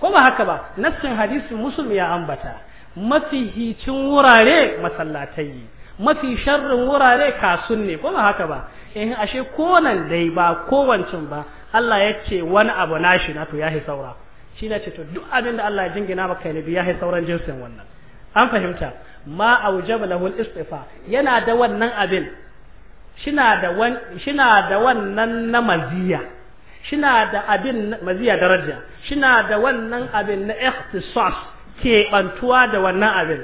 A: ko ba haka ba nassin hadisin muslim ya ambata mafihicin wurare masallatai mafi sharrin wurare kasun ne kuma haka ba eh ashe konan dai ba kowancin ba Allah ya ce wani abu nashi na to ya hi saura shi na ce to duk abin da Allah ya jingina maka ne ya hi sauran jinsin wannan an fahimta ma aujaba lahul istifa yana da wannan abin shina da wan shina da wannan na maziya shina da abin maziya daraja shina da wannan abin na ikhtisas keɓantuwa da wannan abin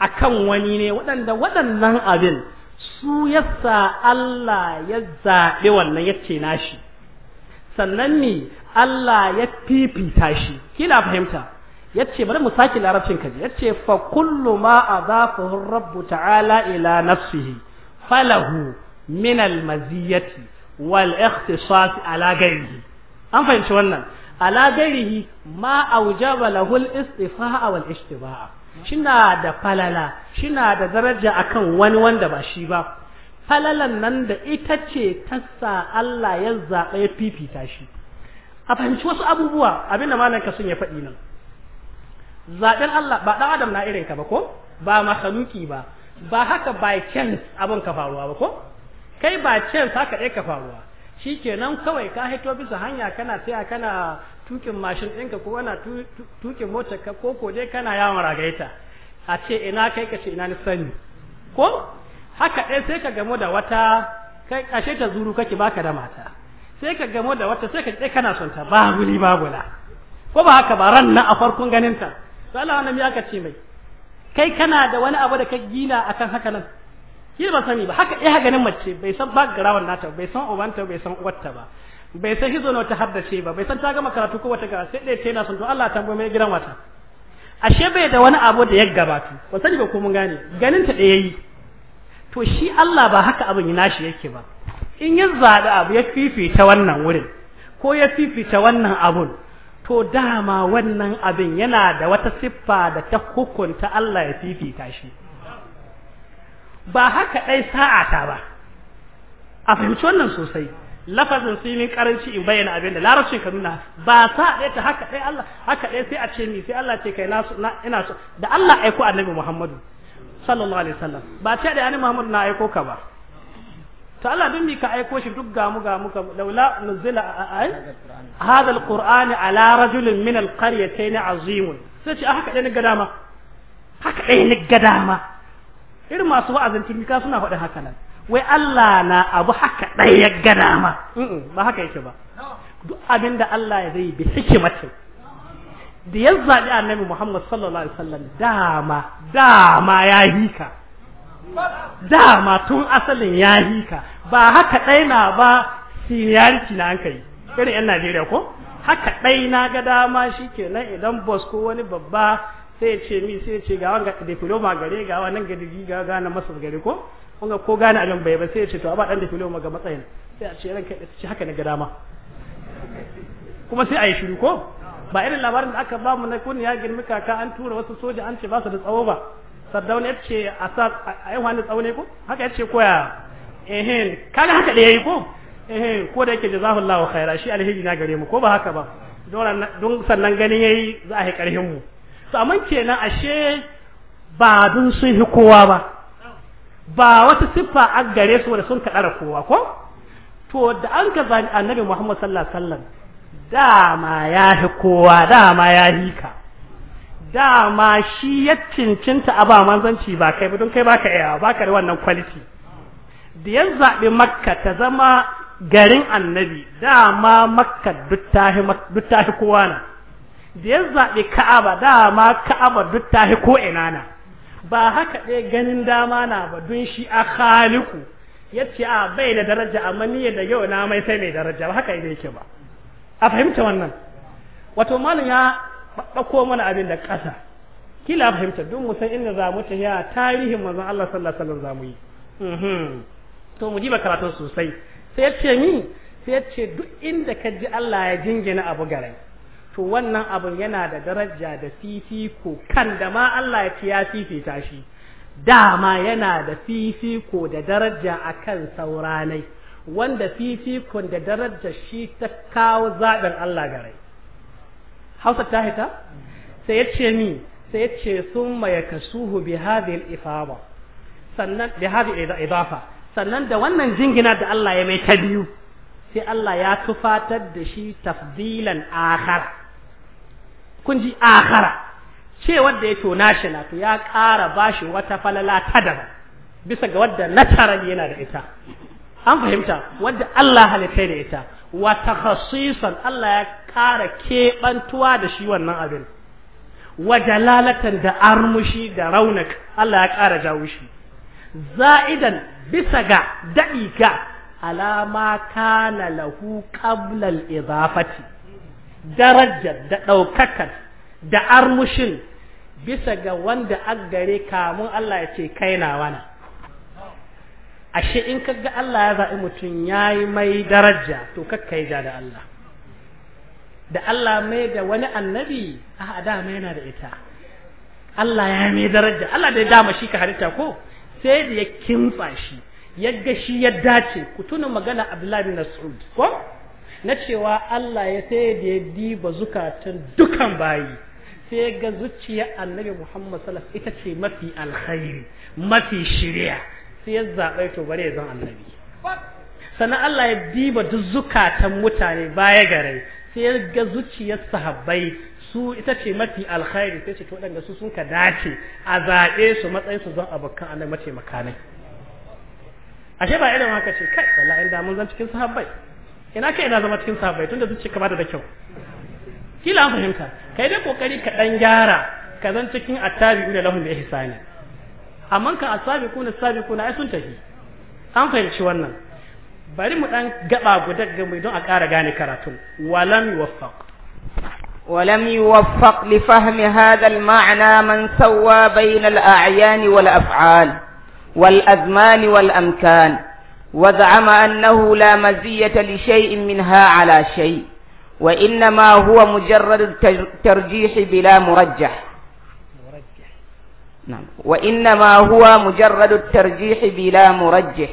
A: a kan wani ne waɗanda waɗannan abin su yasa Allah ya zaɓi wannan ya ce nashi sannan ne Allah ya fifita shi kila fahimta ya ce bari mu sake larabcin kaji ya ce fa kullu ma adafahu rabbu ta'ala ila nafsihi falahu min al maziyati wal ikhtisas ala gairi an fahimci wannan ala gairihi ma aujaba lahul istifa'a wal ishtiba'a shina da falala shina da daraja akan wani wanda ba shi ba falalan nan da ita ce tassa Allah ya zaɓa ya fifita shi a fahimci wasu abubuwa abinda malam ka sun ya faɗi nan zaɓen Allah ba ɗan adam na irin ka ba ko ba makhluki ba ba haka by chance abin ka faruwa ba ko kai ba chance haka ɗaya ka faruwa shikenan kawai ka hito bisa hanya kana tsaya kana tukin mashin ɗinka ko kana tukin motar ka ko ko dai kana yawon ragaita a ce ina kai ka ce ina ni sani ko haka ɗaya sai ka gamo da wata kai ashe ta zuru kake baka da mata sai ka gamo da wata sai ka ɗaya kana son ta babuli babula ko ba haka ba ran na a farkon ganin ta to Allah wannan ya ka ce mai kai kana da wani abu da ka gina akan haka nan shi ba sani ba haka ya ganin mace bai san background nata bai san ubanta bai san uwarta ba bai san hizo na ta haddace ba bai san ta gama karatu ko wata gara sai dai ta na son to Allah ta mai gidan wata ashe bai da wani abu da ya gabatu ba sani ba ko mun gane ganin ta da yayi to shi Allah ba haka abin ya nashi yake ba in ya zabi abu ya fifita wannan wurin ko ya fifita wannan abun to dama wannan abin yana da wata siffa da ta hukunta Allah ya fifita shi ba haka dai sa'ata ba a fahimci wannan sosai lafazin su yi karanci in bayyana abin da larabcin ka nuna ba sa ɗaya ta haka ɗaya Allah haka ɗaya sai a ce ni sai Allah ce kai na ina so da Allah aiko annabi Muhammadu sallallahu alaihi wasallam ba ce da annabi Muhammadu na aiko ka ba to Allah din bi ka aiko shi duk gamu mu ga mu ka laula nuzila ay hadha alquran ala rajulin min alqaryatayn azim sai ce haka ɗaya ni ga dama haka ɗaya ni ga dama irin masu wa'azin turmika suna faɗin haka nan wai Allah na abu haka ɗaya ya gana ma ba haka yake ba duk abin da Allah ya zai bi hikimata da ya zaɓi annabi Muhammad sallallahu alaihi wasallam dama dama ya hika dama tun asalin ya hika ba haka ɗaya na ba siniyarci na an kai irin 'yan Najeriya ko haka ɗai na ga dama shi kenan idan bos ko wani babba sai ce mi sai ce ga wanga diploma gare ga wannan ga digi ga gane masar gare ko wanga ko gane abin bai ba sai ce to a ba dan diploma ga matsayin sai a ce kai ce haka na gadama kuma sai a yi shiru ko ba irin labarin da aka ba mu na kun ya girmi kaka an tura wasu soja an ce ba su da tsawo ba sardauna ya ce a sa a yi wani tsawo ne ko haka ya ce koya ehe kaga haka da yayi ko ehe ko da yake jazahullahu khaira shi alheri na gare mu ko ba haka ba don sannan ganin yayi za a yi karhin mu Saman kenan ashe ba dun sun hi kowa ba ba wata siffa a gare su wanda sun kaɗara kowa ko to da an ka zane annabi muhammad sallallahu alaihi wasallam dama ya fi kowa dama ya fi ka dama shi ya cincinta a ba manzanci ba kai don kai baka ba baka da wannan kwaliti da ya zaɓi makka ta zama garin annabi dama makka duk ta kowa na da ya zaɓi ka'aba dama ka'aba duk ta ko ina na ba haka ɗaya ganin dama na ba dun shi a khaliku ya ce a bai da daraja amma ni da yau na mai sai mai daraja ba haka yake ba a fahimta wannan wato malam ya ɗauko mana abin da ƙasa kila fahimta duk mu san inda za mu tafiya tarihin manzon Allah sallallahu alaihi wasallam za mu yi mhm. to mu ji ba karatun sosai sai ya ce ni sai ya ce duk inda ka ji Allah ya jingina abu garai to wannan abin yana da daraja da fifiko kan da ma Allah ya ce ya fifita shi dama yana da fifiko da daraja akan sauranai wanda fifikon da daraja shi ta kawo zaɓin Allah gare Hausa ta hita sai ya ce ni sai ya ce sun maye kasuhu bi hadhihi sannan bi hadhihi idafa sannan da wannan jingina da Allah ya mai ta biyu sai Allah ya tufatar da shi tafdilan akhar kun ji akhara ce wanda ya to nashi na to ya ƙara bashi wata falala ta daban bisa ga wadda natara yana da ita an fahimta wadda Allah halittai da ita wa takhasisan Allah ya ƙara keɓantuwa da shi wannan abin wa jalalatan da armushi da raunak Allah ya ƙara jawo shi za'idan bisa ga daɗi ga alama kana lahu qabla al-idafati darajar da ɗaukakar da armushin bisa ga wanda gare kamun Allah ya ce kai na wana ashe in ka ga Allah ya zaɓi mutum ya yi mai daraja to kakka yi ja da Allah da Allah mai da wani annabi a dama yana da ita Allah ya mai daraja Allah da ya dama shi ka halitta ko sai da ya kimtsa shi ya ga shi ya dace ku tuna magana Abdullahi Nasiru ko na cewa Allah ya sai da ya diba zukatan dukan bayi sai ga zuciya annabi Muhammad sallallahu ita ce mafi alkhairi mafi shiriya sai ya to bare zan annabi sannan Allah ya diba duk zukatan mutane baya gare sai ya ga zuciyar sahabbai su ita ce mafi alkhairi sai ce to waɗanda su sun ka dace a zaɓe su matsayin su zan abokan annabi mace makanai ashe ba irin haka ce kai wallahi da mun zan cikin sahabbai ina kai ina zama cikin sahabbai tunda sun ce ka bada da kyau kila an fahimta kai dai kokari ka dan gyara ka zan cikin attabi'u da lahum bi ihsani amma kan asabiquna asabiquna ai sun tafi an fahimci wannan bari mu dan gaba guda ga mai don a ƙara gane karatun walam yuwaffaq ولم يوفق
B: لفهم هذا المعنى من wal بين wal والأفعال wal والأمكان وزعم أنه لا مزية لشيء منها على شيء وإنما هو مجرد ترجيح بلا مرجح نعم وإنما هو مجرد
A: الترجيح بلا مرجح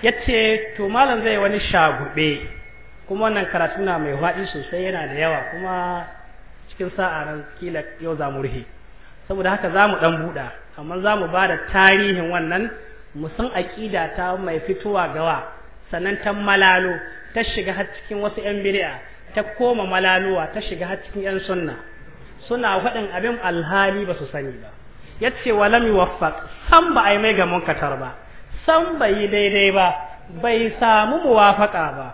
A: yace to malam zai wani shagube kuma wannan karatu na mai faɗi sosai yana da yawa kuma cikin sa'a nan kila yau za mu rufe saboda haka za mu ɗan buɗa amma za mu ba da tarihin wannan mu san aqida ta mai fitowa gawa sannan ta malalo ta shiga har cikin wasu yan bid'a ta koma malaluwa ta shiga har cikin yan sunna suna faɗin abin alhali ba su sani ba yace walam yuwaffaq san ba ai mai ga munkatar ba san bai daidai ba bai samu muwafaqa ba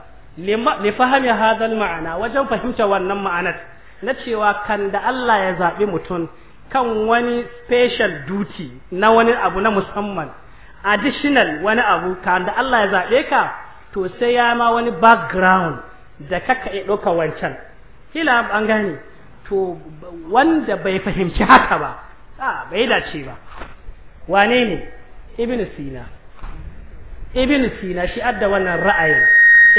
A: li fahimi hadal ma'ana wajen fahimta wannan ma'anar na cewa kan da Allah ya zaɓi mutum kan wani special duty na wani abu na musamman additional wani abu ka da Allah ya zaɓe ka to sai ya ma wani background da kaka ya ɗauka wancan hila an gane to wanda bai fahimci haka ba a bai dace ba wane ne ibn sina ibn sina shi adda wannan ra'ayin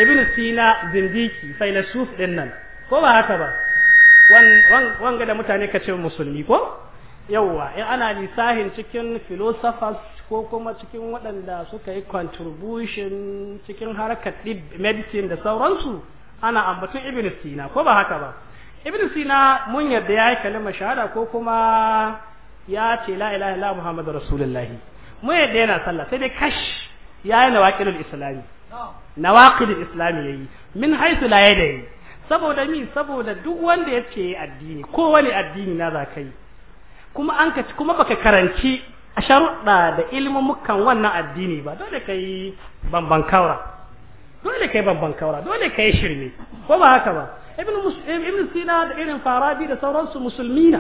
A: ibn sina zindiki filosof din nan ko ba haka ba wanga da mutane ka ce musulmi ko yawwa in ana lissahin cikin philosophers ko kuma cikin waɗanda suka yi contribution cikin harkar medicine da sauransu ana ambatun ibn sina ko ba haka ba ibn sina mun yarda ya yi kalimar shahada ko kuma ya ce la ilaha illallah muhammadu rasulullahi mun yarda yana sallah sai dai kash ya yi nawaqidul islami nawaqidul islami yayi min haythu la yadai saboda mi saboda duk wanda ya ce addini ko wani addini na zakai kuma an kaci kuma baka karanci a sharuɗa da ilmumukan wannan addini ba dole ka yi bambam kaura dole ka yi bambam kaura dole ka yi shirme ko ba haka ba ibn sina da irin farabi da sauransu musulmi na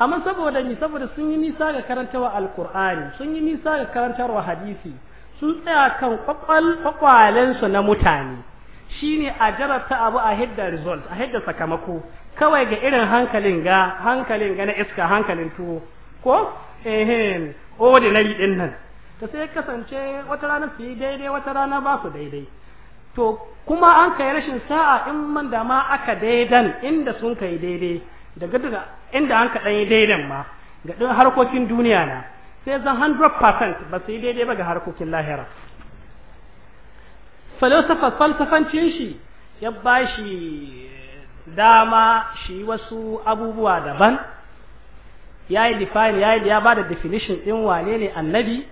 A: amma saboda ni saboda sun yi nisa ga karantarwa alkur'ani sun yi nisa ga karantarwa hadisi sun tsaya kan kwakwalensu na mutane shi ne a jarabta abu a hidda result a hidda sakamako kawai ga irin hankalin ga hankalin ga na iska hankalin tuwo ko ehem nari din nan ta sai kasance wata rana su yi daidai wata rana ba su daidai to kuma an kai rashin sa'a in man da ma aka daidan inda sun kai daidai daga daga inda an ka yi daidan ma ga ɗin harkokin duniya na sai zan 100% ba su yi daidai ba ga harkokin lahira falsafa falsafancin shi ya bashi dama shi wasu abubuwa daban ya yi define ya ya ba da definition din wane ne annabi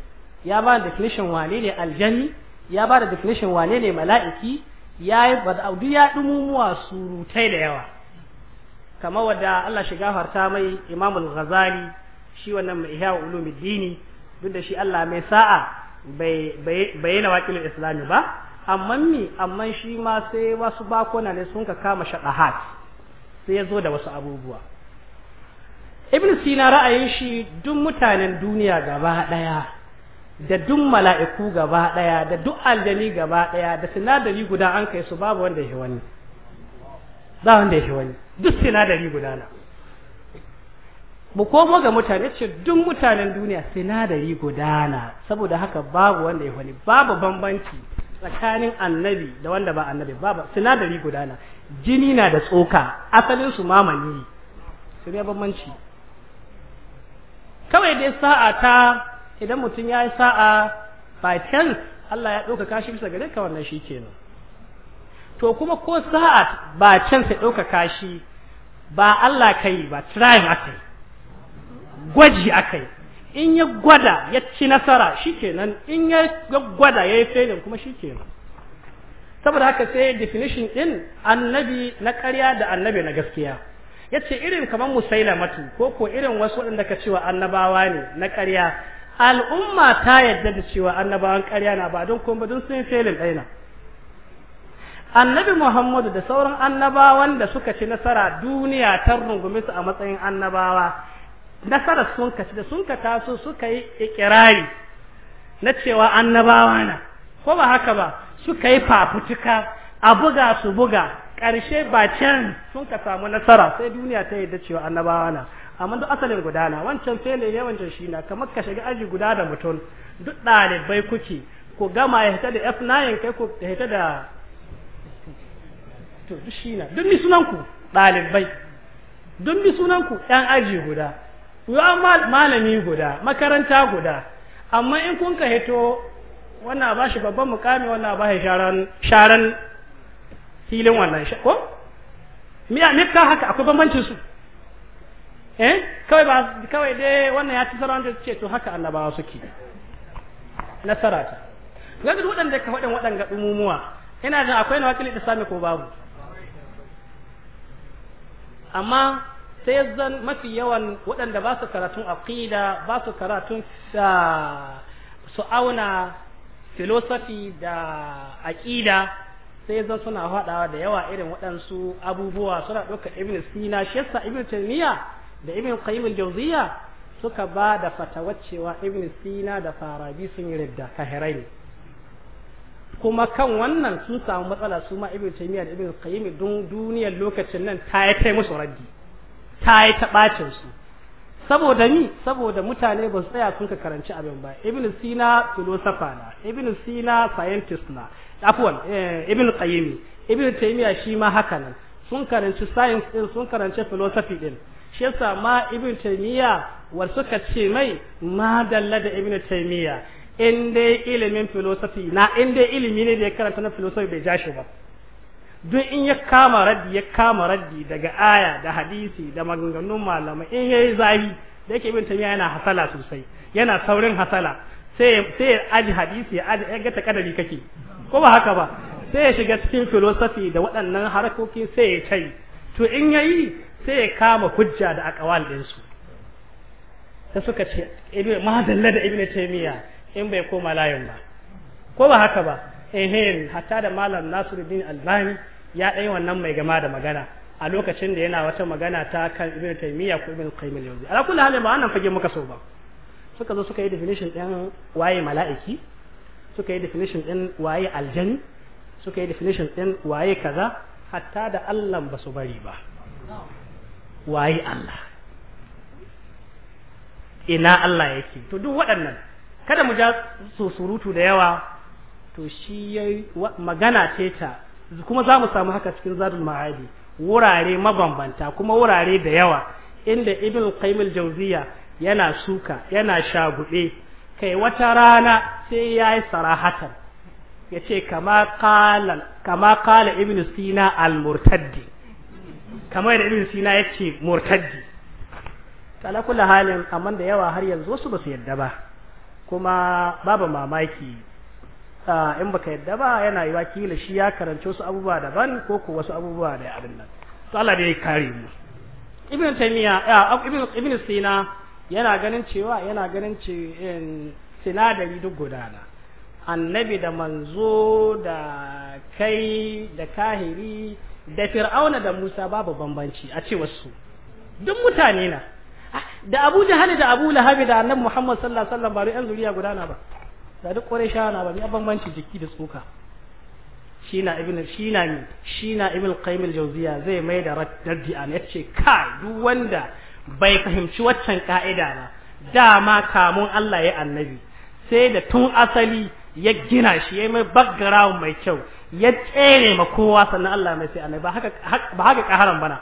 A: ya ba da definition wane ne aljani ya ba da definition wane ne mala'iki ya yi da audu ya dumumuwa surutai da yawa kamar wadda Allah shiga farta mai imamul ghazali shi wannan mai ihya dini duk da shi Allah mai sa'a bai bai na wakilin islami ba amma mi amma shi ma sai wasu bakona ne sun ka kama shaɗahat sai ya zo da wasu abubuwa ibn sina ra'ayin shi duk mutanen duniya gaba daya da duk mala'iku gaba daya da duk aljani gaba daya da sinadari guda an kai su babu wanda ya wani ba wanda ya wani duk sinadari guda na mu komo ga mutane ce duk mutanen duniya sinadari guda na saboda haka babu wanda ya wani babu bambanci tsakanin annabi da wanda ba annabi babu sinadari guda na jini na da tsoka asalin su mamani su ne bambanci kawai dai sa'a ta idan mutum ya yi sa'a by chance Allah ya ɗaukaka shi bisa gare ka wannan shi kenan to kuma ko sa'a ba chance ya ɗaukaka shi ba Allah ka yi ba trying aka yi gwaji aka yi in ya gwada ya ci nasara shi kenan in ya gwada ya yi failing kuma shi kenan saboda haka sai definition ɗin annabi na ƙarya da annabi na gaskiya Ya ce irin kamar matu ko ko irin wasu waɗanda ka cewa annabawa ne na ƙarya al'umma ta yadda da cewa annabawan ƙarya na ba don kuma don sun filin ɗaina annabi muhammadu da sauran annabawan da suka ci nasara duniya ta rungume su a matsayin annabawa nasara sun kaci da sun ka taso suka yi ikirari na cewa annabawa na ko ba haka ba suka yi fafutuka a buga su buga ƙarshe ba can sun ka samu nasara sai duniya ta yadda cewa annabawa na amma duk asalin guda na wancan fele ne wancan shi na kamar ka shiga aji guda da mutum duk ɗalibai kuke ko gama ya hita da F9 kai ko ya hita da to duk shi na duk mi sunan ku ɗalibai duk ni sunan ku ɗan aji guda yau malami guda makaranta guda amma in kun ka hito wannan ba shi babban mukami wannan ba shi sharan filin wannan shi ko mi ya mika haka akwai bambancin su eh kawai ba kawai dai wannan ya ci sarawan da ce to haka annabawa suke nasara ta ga duk waɗanda ka faɗin waɗanga dumumuwa ina jin akwai na da sami ko babu amma sai zan mafi yawan waɗanda ba su karatun aqida ba su karatun su auna philosophy da aqida sai zan suna faɗawa da yawa irin waɗansu abubuwa suna ɗaukar ibn sina shi yasa ibn taymiya da ibn qayyim al jawziya suka ba da fatawar cewa ibn sina da farabi sun yi ridda kahirai kuma kan wannan sun samu matsala su ma ibn taymiya da ibn qayyim dun duniyar lokacin nan ta yi ta musu raddi ta yi ta bacin su saboda ni saboda mutane ba su tsaya sun ka karanci abin ba ibn sina filosofa na ibn sina scientist na afwan eh, ibn qayyim ibn taymiya shi ma haka nan sun karanci science din sun karanci philosophy din shi yasa ma ibn taymiya war suka ce mai ma dalla da ibn taymiya in ilimin philosophy na in dai ilimi ne da ya karanta na philosophy bai ja shi ba duk in ya kama raddi ya kama raddi daga aya da hadisi da maganganun malamai in yayi zahi da yake ibn taymiya yana hasala sosai yana saurin hasala sai sai aji hadisi ya aji ya kadari kake ko ba haka ba sai ya shiga cikin filosofi da waɗannan harkokin sai ya tai to in ya yi sai ya kama hujja da akawal din su sai suka ce ma madalla da ibn taymiya in bai koma layin ba ko ba haka ba ehen hatta da malam nasiruddin albani ya ɗaya wannan mai gama da magana a lokacin da yana wata magana ta kan ibn taymiya ko ibn qayyim al ala kulli hal ba wannan fage muka so ba suka zo suka yi definition ɗin waye mala'iki suka yi definition din waye aljani suka yi definition din waye kaza hatta da Allah ba su bari ba waye Allah ina Allah yake to duk waɗannan kada mu ja su surutu da yawa to shi yayi magana ce ta kuma za mu samu haka cikin zadul ma'adi wurare mabambanta kuma wurare da yawa inda ibn qayyim al-jawziya yana suka yana shagube kai wata rana sai ya yi sarahatan ya ce kama kala ibn sina al-murtaddi kama yadda ibn sina ya ce murtaddi talakula halin amma da yawa har yanzu wasu ba su yadda ba kuma babu mamaki in baka yadda ba yana yi wakila shi ya karanci wasu abubuwa daban ko ko wasu abubuwa da abin nan da ya kare mu ibn ibn sina yana ganin cewa yana ganin ce eh, sinadari duk gudana annabi da manzo da kai da kahiri da fir'auna da musa babu bambanci a ce wasu duk mutane na ah, da abu jahali da abu lahabi da annabi muhammad sallallahu alaihi wasallam ba yan zuriya gudana ba da duk kwarai shana ba mai bambanci jiki da tsoka shina ibn shina shina ibn qayyim al-jawziya zai mai da raddi an yace kai duk wanda bai fahimci waccan ka'ida ba dama kamun Allah ya annabi sai da tun asali ya gina shi ya mai background mai kyau ya tsere ma kowa sannan Allah mai sai annabi ba haka ba haka bana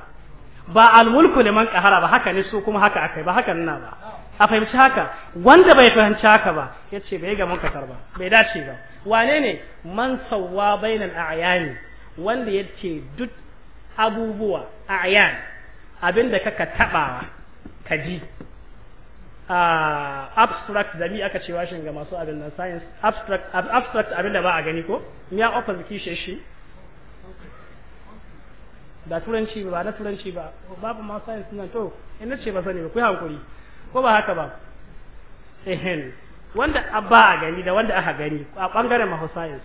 A: ba almulku man ƙahara ba haka ne su kuma haka akai ba haka nuna ba a fahimci haka wanda bai fahimci haka ba ya ce bai ga kasar ba bai dace ba wane ne man sawwa bainal a'yani wanda ya ce duk abubuwa a'yan abinda kaka tabawa kaji ah, abstract da ni aka ce washin ga masu abin nan science abstract abstract abin da ba a gani ko ni ya opposite kishe shi da turanci ba da turanci ba babu ma science nan to ina ce ba sani ba ku hankuri ko ba haka ba ehen wanda ba a gani da wanda aka gani a bangaren mahu science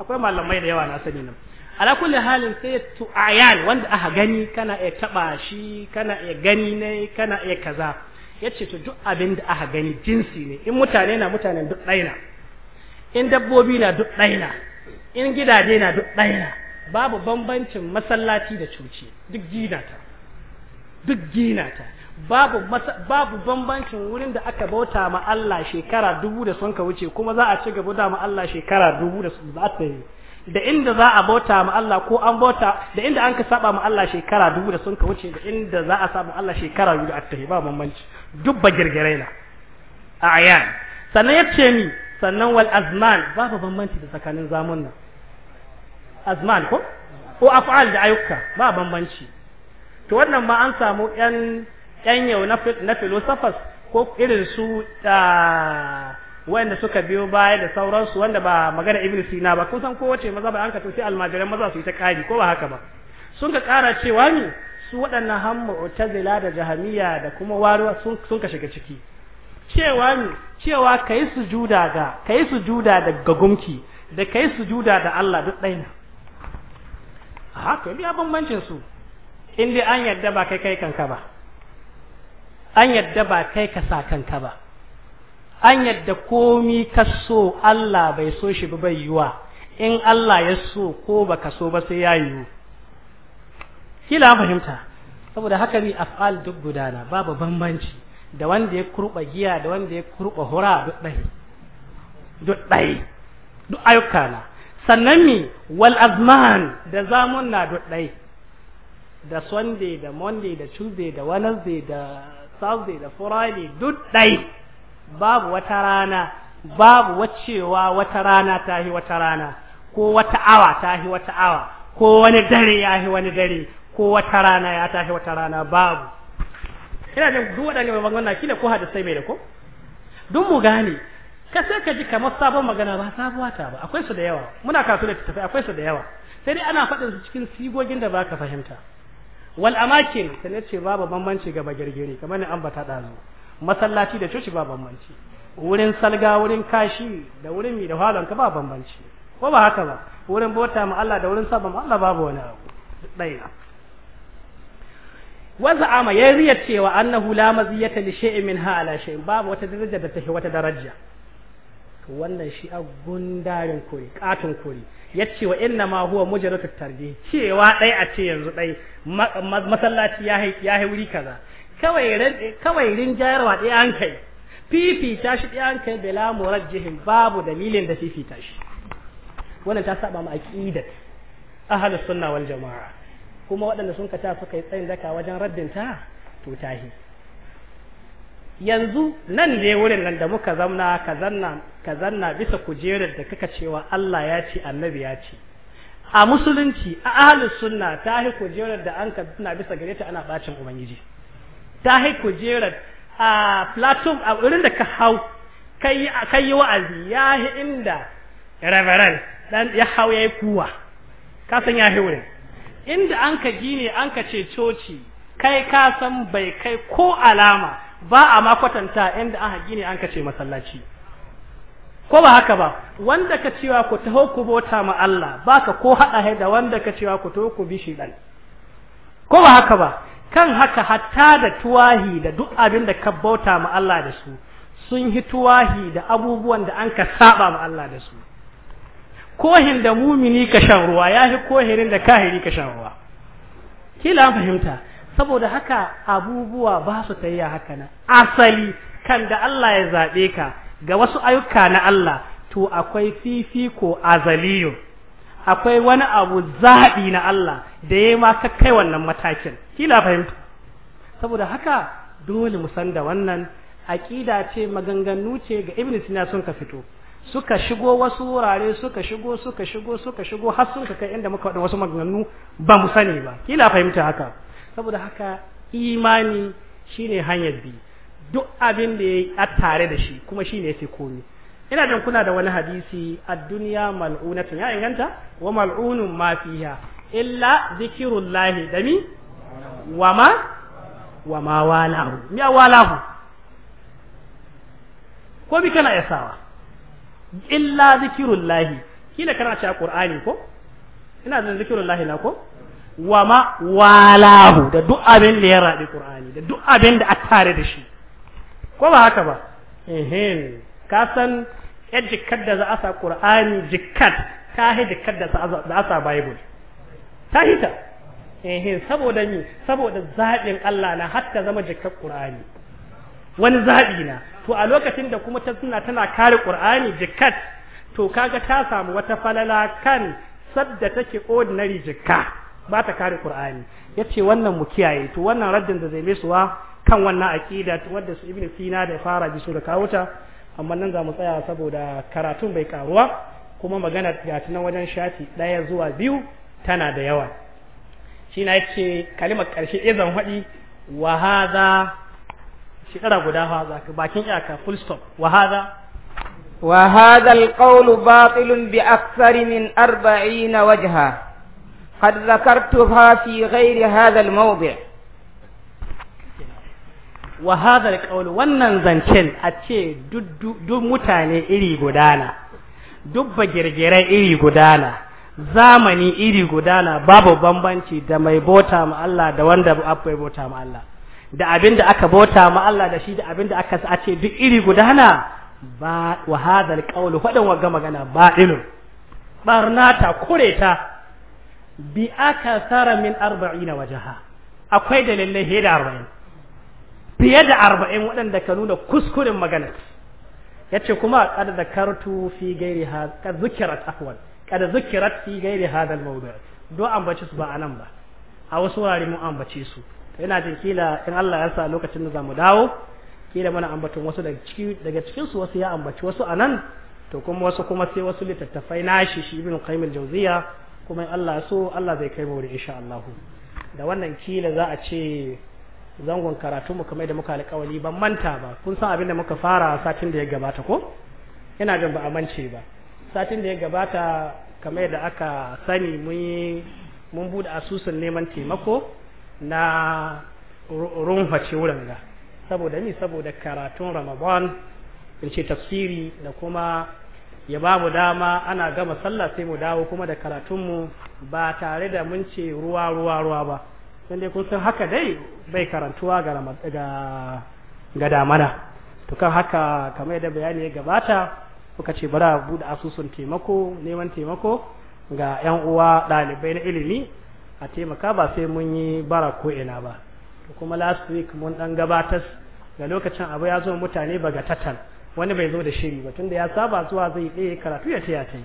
A: akwai malamai da yawa na sani nan ala kulli halin sai tu ayan wanda aka gani kana iya taba shi kana iya gani ne kana iya kaza yace to duk abin da aka gani jinsi ne in mutane na mutanen duk daina in dabbobi na duk daina in gidaje na duk daina babu bambancin masallaci da cuci duk ginata duk ginata babu babu bambancin wurin da aka bauta ma Allah shekara dubu da sun ka wuce kuma za a ci gaba da ma Allah shekara dubu da sun za ta yi da inda za a bauta ma Allah ko an bauta da inda an ka saba ma Allah shekara dubu da sun ka wuce da inda za a saba Allah shekara dubu da ta ba bambanci duk ba girgirai na a ayan sannan yace ni sannan wal azman babu bambanci da tsakanin zamun nan azman ko ko af'al da ayyuka ba bambanci to wannan ma an samu yan yan yau na na philosophers ko irin su ah, wanda suka biyo baya da sauransu wanda ba magana ibn sina ba kusan kowace maza ba an ka sai almajiran maza su yi ta ƙari ko ba haka ba sun ka ƙara cewa ni su waɗannan han mu'tazila da jahamiya da kuma waruwa sun sun ka shiga ciki cewa ni cewa kai sujuda ga kai sujuda da gagumki da kai sujuda da Allah duk ɗaya haka biya mancin su in dai an yadda ba kai kai kanka ba an yadda ba kai ka sa kanka ba an yadda komi ka so Allah bai so shi ba bai yiwa in Allah ya so ko ba ka so ba sai ya yiwu kila fahimta saboda haka ni af'al duk gudana babu bambanci da wanda ya kurba giya da wanda ya kurba hura duk ɗai duk ɗai duk ayyuka na sannan mi wal azman da zamun na duk ɗai da sunday da monday da tuesday da wednesday da thursday da friday duk ɗai babu wata rana babu wacewa wata rana ta yi wata rana ko wata awa ta yi wata awa ko wani dare ya yi wani dare ko wata rana ya ta yi wata rana babu ina jin duk waɗanda mai magana kila ko sai mai da ko duk mu gane ka sai ka ji kamar sabon magana ba sabuwa ta ba akwai su da yawa muna kasu da tafi akwai su da yawa sai dai ana faɗin su cikin sigogin da baka fahimta wal amakin sai ne ce babu bambanci ga bagirgiri kamar ni ambata ɗazu masallaci da coci ba bambanci wurin salga wurin kashi da wurin mi da halon ka ba bambanci ko ba haka ba wurin bota ma Allah da wurin saba ma Allah babu wani abu ɗaya wanda ama ya riya cewa annahu la maziyata li shay'in min ala shay'in babu wata daraja da tafi wata daraja to wannan shi a gundarin kuri katun kuri yace wa inna ma huwa mujarratu tarjih cewa dai a ce yanzu dai masallaci ya hai ya wuri kaza kawai kawai rinjayarwa ɗaya an kai fifita shi ɗaya an kai bela murajjihin babu dalilin da fifita shi wannan ta saba ma aqidat ahlus sunna wal jamaa kuma waɗanda sun kata suka yi tsayin daka wajen raddin ta to tahi yanzu nan ne wurin nan da muka zamna ka zanna bisa kujerar da kaka cewa Allah ya ce annabi ya ce a musulunci a ahlus sunna tahi kujerar da an ka bisa gare ta ana bacin ubangiji ta hai kujerar a platform a wurin da ka hau kai yi wa'azi ya hi inda reverend dan ya hau ya yi kuwa
C: ka san ya wurin
A: inda an ka gine an ka ce coci kai ka san bai kai ko alama ba a ma kwatanta inda an gini an ka ce masallaci ko ba haka ba wanda ka cewa ku taho ku bota ma Allah baka ko hada da wanda ka cewa ku taho ku bi shi dan ko ba haka ba kan haka hatta da tuwahi da duk abin da ka bauta ma Allah da su sun yi tuwahi da abubuwan da an ka saba ma Allah da su kohin da mumini ka shan ruwa ya fi kohirin da kahiri ka shan ruwa kila fahimta saboda haka abubuwa ba su tayya haka nan asali kan da Allah ya zaɓe ka ga wasu ayyuka na Allah to akwai fifiko azaliyu akwai wani abu zaɓi na Allah da ya ma kai wannan matakin kila fahimta saboda haka dole mu da wannan aƙida ce maganganu ce ga ibn sina sun ka fito suka shigo wasu wurare suka shigo suka shigo suka shigo har sun ka kai inda muka waɗa wasu maganganu ba mu sani ba kila fahimta haka saboda haka imani shine hanyar bi duk abin da ya yi tare da shi kuma shine ya fi komi ina jin kuna da wani hadisi ad-dunya mal'unatun ya inganta wa mal'unun ma fiha illa da dami wa ma wa ma walahu ya walahu ko bi kana yasawa illa zikrullahi kila kana cewa qur'ani ko ina jin zikrullahi na ko wa ma walahu da duk abin da ya rabi qur'ani da duk abin da a tare da shi ko ba haka ba ehem ka san yar jikkar da za a sa qur'ani jikkat ta yi jikkar da za a sa bible ta hita eh saboda ni saboda zaɓin Allah na har zama jikkar qur'ani wani zaɓi na to a lokacin da kuma ta suna tana kare qur'ani jikkat to kaga ta samu wata falala kan sadda take ordinary jikka ba ta kare ya ce wannan mu kiyaye to wannan raddin da zai mesuwa kan wannan aƙida wadda su ibnu sina da fara bi su da kawuta amma nan za mu tsaya saboda karatun bai karuwa kuma magana ga nan wajen shafi ɗaya zuwa biyu tana da yawa shi na yake kalimar ƙarshe izan eh haɗi wa haza shekara guda haza bakin iyaka full stop wa haza
B: wa hadha alqawlu batilun bi akthari min 40 wajha قد ذكرتها في غير هذا الموضع
A: wa hadhal wannan zancen a ce duk mutane iri gudana duk bagirgire iri gudana zamani iri gudana babu bambanci da mai bota ma Allah da wanda bai bota ma Allah da abin da aka bota ma Allah da shi da abin da aka a ce duk iri gudana ba wa hadal qawl fadan wa magana ba ilmu barnata kureta bi aka tsara min arba'ina wajaha akwai dalilai heda arba'in fiye da arba'in waɗanda ka nuna kuskuren magana ya ce kuma kada da kartu fi gairi ha zukirat afwan kada zukirat fi gairi hadal mawdu do ambaci su ba anan ba a wasu wurare mu ambace su ina jin kila in Allah ya sa lokacin da zamu dawo kila muna ambaton wasu daga cikinsu daga cikin su wasu ya ambaci wasu anan to kuma wasu kuma sai wasu littattafai nashi shi ibn qayyim al-jawziya kuma in Allah so Allah zai kai mu wurin insha Allah da wannan kila za a ce zangon karatu mu kamar da muka alƙawali ban manta ba kun san abin da muka fara satin da ya gabata ko ina jin ba a mance ba satin da ya gabata kamar da aka sani mun yi mun bude asusun neman taimako na runface wurin ga saboda ni saboda karatun ramadan in ce tafsiri da kuma ya ba mu dama ana gama sallah sai mu dawo kuma da karatunmu ba tare da mun ce ruwa ruwa ruwa ba sai dai kun san haka dai bai karantuwa ga ga damana to kan haka kamar yadda bayani ya gabata kuka ce bara a buɗe asusun taimako neman taimako ga yan uwa ɗalibai na ilimi a taimaka ba sai mun yi bara ko ina ba to kuma last week mun dan gabatar ga lokacin abu ya zo mutane ba ga tattal wani bai zo da shiri ba tunda ya saba zuwa zai ɗaya karatu ya taya ta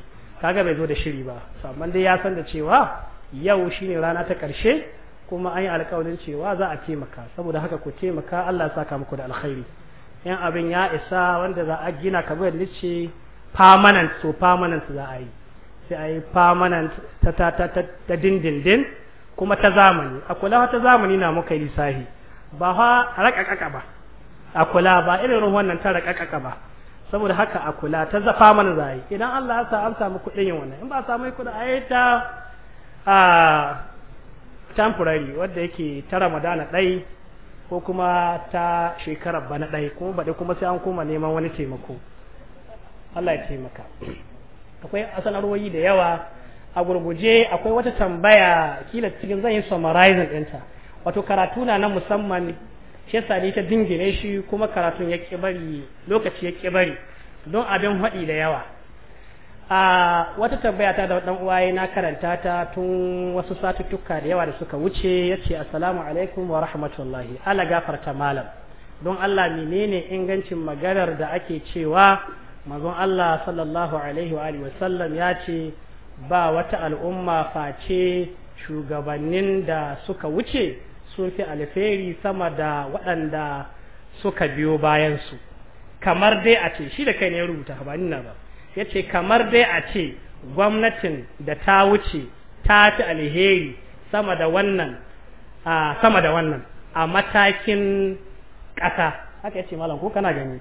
A: kaga bai zo da shiri ba amma dai ya san da cewa yau shine rana ta karshe kuma an yi alƙawarin cewa za a taimaka saboda haka ku taimaka Allah ya saka muku da alkhairi in abin ya isa wanda za a gina kamar yadda ce permanent so permanent za a yi sai a yi permanent ta ta ta ta dindindin kuma ta zamani a kula ta zamani na muka yi sahi ba fa rakakaka ba a kula ba irin ruwan wannan ta rakakaka ba saboda haka a kula ta zafa mana za a yi idan Allah ya sa an samu kuɗin yin wannan in ba a samu kuɗin a yi ta temporary wadda yake ta ramadana ɗai ko kuma ta shekarar bana ɗai kuma baɗi kuma sai an koma neman wani taimako Allah ya taimaka akwai asanarwoyi da yawa a gurguje akwai wata tambaya kila cikin zan yi summarizing ɗinta wato karatu na nan musamman shi yasa ta dingine shi kuma karatun ya bari lokaci ya bari don abin haɗi da yawa a wata tambaya ta da dan uwaye na karanta ta tun wasu satuttuka da yawa da suka wuce yace assalamu alaikum wa rahmatullahi ala gafarta malam don Allah menene ingancin maganar da ake cewa manzon Allah sallallahu alaihi wa alihi wasallam ya ce ba wata al'umma face shugabannin da suka wuce sun fi alferi sama da waɗanda suka biyo bayansu kamar dai a ce shi da kai ne ya rubuta ba ni na ba yace kamar dai a ce gwamnatin da ta wuce ta ci alheri sama da wannan a sama da wannan a matakin ƙasa haka ya yace malam ko kana gani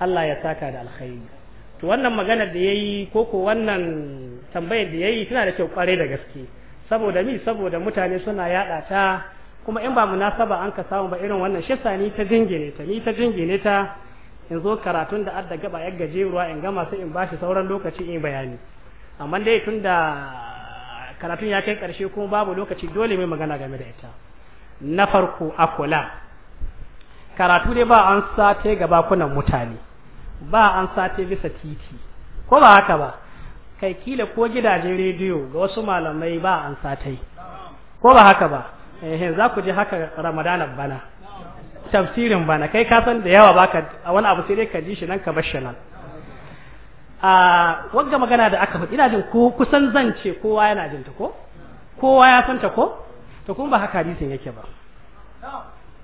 A: Allah ya saka da alkhairi to wannan maganar da yayi ko ko wannan tambayar da yayi tana da kyau kware da gaske saboda mi saboda mutane suna yada ta kuma in ba munasaba an ka samu ba irin wannan shi ni ta jingine ta ni ta jingine ta in zo karatun da adda gaba ya gajeruwa in gama sai in bashi sauran lokaci in bayani amma dai tun da karatun ya kai karshe kuma babu lokaci dole mai magana game da ita na farko akula karatu dai ba an sace gaba kunan mutane ba an sace bisa titi ko ba haka ba kai kila ko gidajen rediyo ga wasu malamai ba an satai ko ba haka ba eh za ku ji haka ramadanan bana tafsirin bana kai ka san da yawa baka wani abu sai dai ka ji shi nan ka bar shi nan a magana da aka faɗi ina jin ko kusan zan ce kowa yana jin ta ko kowa ya san ta ko to kuma ba haka hadisin yake ba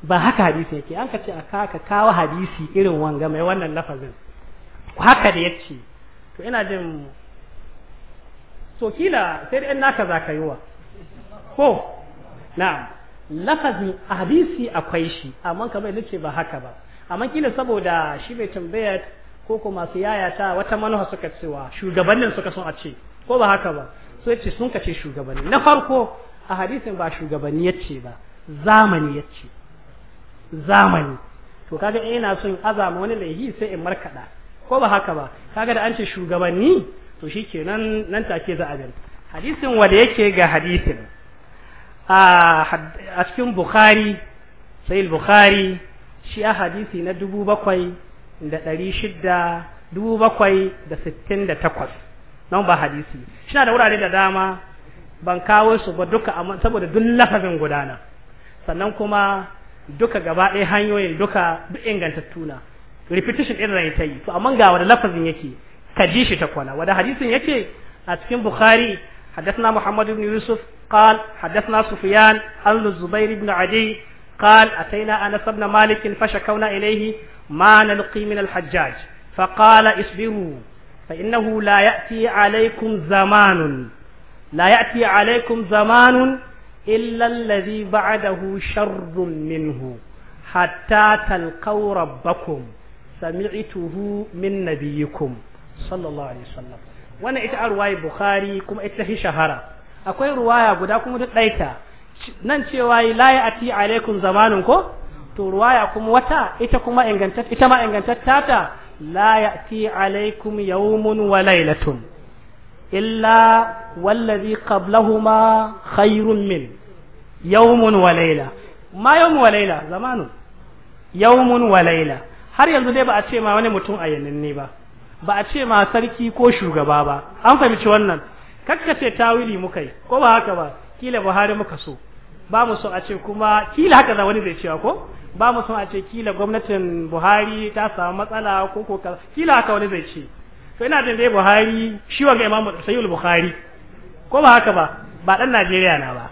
A: ba haka hadisin yake an ka ce a ka kawo hadisi irin wanga mai wannan lafazin haka da yace to ina jin so kila sai da naka zaka yiwa ko na'am lafazin hadisi akwai shi amma kamar ce ba haka ba amma kila saboda shi bai tambaya ko ko masu yayata wata manufa suka cewa shugabannin suka son a ce ko ba haka ba so yace sun kace shugabanni na farko a hadisin ba shugabanni yace ba zamani yace zamani to kaga ina son azama wani laihi sai in markada ko ba haka ba kaga da an ce shugabanni to shikenan nan take za a ga hadisin wanda yake ga hadisin a cikin bukhari sai bukhari shi a hadisi na dubu bakwai da ɗari shida dubu bakwai da sittin da takwas nan ba hadisi shi da wurare da dama ban kawo su ba duka saboda duk lafafin gudana sannan kuma duka gaba ɗaya hanyoyin duka duk ingantattuna repetition ɗin rai ta yi to amma ga wani lafafin yake ka ji shi ta kwana wani hadisin yake a cikin bukhari حدثنا محمد بن يوسف قال حدثنا سفيان عن الزبير بن عدي قال أتينا أنس بن مالك فشكونا إليه ما نلقي من الحجاج فقال اصبروا فإنه لا يأتي عليكم زمان لا يأتي عليكم زمان إلا الذي بعده شر منه حتى تلقوا ربكم سمعته من نبيكم صلى الله عليه وسلم wannan ita a ruwaya bukhari kuma ita fi shahara akwai ruwaya guda kuma duk ɗaita nan cewa la a ati alaikum zamanin ko to ruwaya kuma wata ita kuma ingantat ita ma ingantatta ta la ya ati alaikum yawmun wa lailatun illa wallazi qablahuma khairun min yawmun wa Layla, ma yawmun wa Layla zamanin yawmun wa Layla har yanzu dai ba a ce ma wani mutum ayyanin ne ba ba a ce ma sarki ko shugaba ba an fahimci wannan kakkace tawili muka yi ko ba haka ba kila buhari muka so ba mu so a ce kuma kila haka za wani zai cewa ko ba mu so a ce kila gwamnatin buhari ta samu matsala ko ko kila haka wani zai ce to ina jin dai buhari shi wa ga imamu sayyid buhari ko ba haka ba ba dan najeriya na ba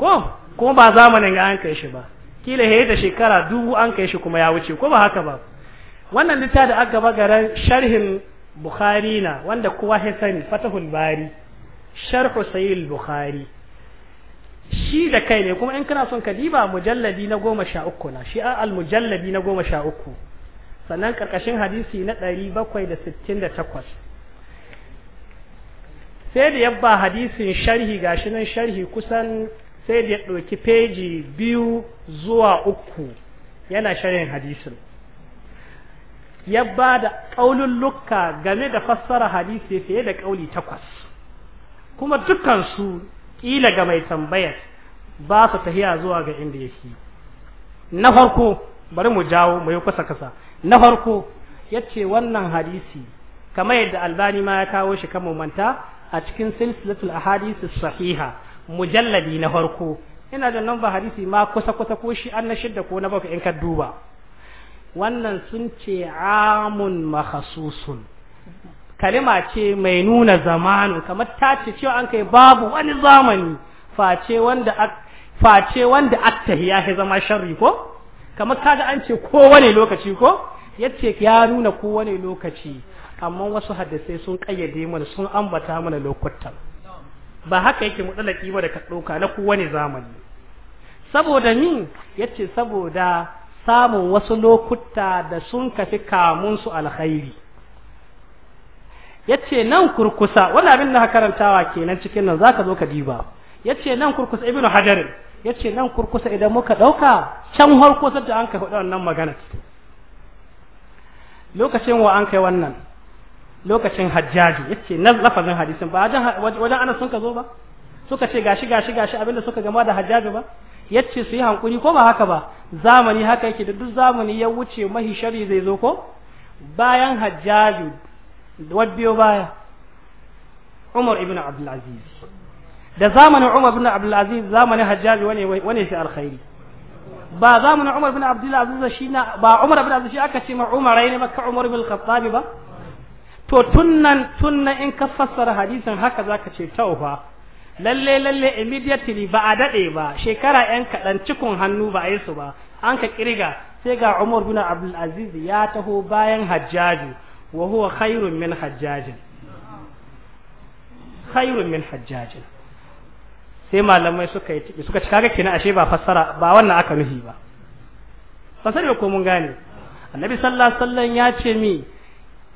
A: ko kuma ba zamanin ga an kai shi ba kila he da shekara dubu an kai shi kuma ya wuce ko ba haka ba wannan littafi da aka gaba garan sharhin bukhari na wanda kowa ya sani fatahul bari sharhu sayyid bukhari shi da kai ne kuma in kana son ka diba mujalladi na goma sha uku na shi al mujalladi na goma sha uku sannan karkashin hadisi na ɗari bakwai da sittin da takwas sai da yabba hadisin sharhi gashi nan sharhi kusan sai da ya ɗauki peji biyu zuwa uku yana sharhin hadisin ya ba da ƙaululluka game da fassara hadisi fiye da ƙauli takwas kuma dukansu ƙila ga mai tambayar ba su tahiya zuwa ga inda ya fi na farko bari mu jawo mu yi kusa kasa na farko ya ce wannan hadisi kamar yadda albani ma ya kawo shi kan manta a cikin silsilatul ahadisi sahiha mujalladi na farko ina da nan ba hadisi ma kusa kusa ko shi an na shidda ko na bakwai in ka duba wannan sun ce amun mahasusun kalima ce mai nuna zamanu kamar ta ce cewa an kai babu wani zamani face wanda face wanda attahiya zama sharri ko kamar kaga an ce kowane lokaci ko yace ya nuna kowane lokaci amma wasu hadisai sun kayyade mana sun ambata mana lokutan ba haka yake mutsalaki ba da ka na kowane zamani saboda min ce saboda samun wasu lokuta da sun kafi kamun su alkhairi yace nan kurkusa wannan abin da karantawa kenan cikin nan zaka zo ka diba yace nan kurkusa ibn hajar yace nan kurkusa idan muka dauka can harko sai an kai wannan magana lokacin wa an kai wannan lokacin hajjaji yace nan lafazin hadisin ba wajen ana sun ka zo ba suka ce gashi gashi gashi abinda suka gama da hajjaji ba yace su yi hankuri ko ba haka ba zamani haka yake da duk zamani ya wuce mahi shari zai zo ko bayan hajjaju wad biyo baya Umar ibn Abdul Aziz da zamanin Umar ibn Abdul Aziz zamanin hajjaju wane wane shi alkhairi ba zamanin Umar ibn Abdul Aziz shi na ba Umar ibn Aziz shi aka ce ma Umar ne maka Umar ibn Khattab ba to tunnan tunnan in ka fassara hadisin haka zaka ce taufa lalle lalle immediately ba a dade ba shekara yan kadan cikin hannu ba a yi su ba an ka kirga sai ga Umar bin Abdul Aziz ya taho bayan Hajjaj wa huwa khairun min Hajjajin khairun min Hajjaj sai malamai suka yi suka ci kaga kenan ashe ba fassara ba wannan aka nuhi ba fasara ko mun gane Annabi sallallahu alaihi wasallam ya ce mi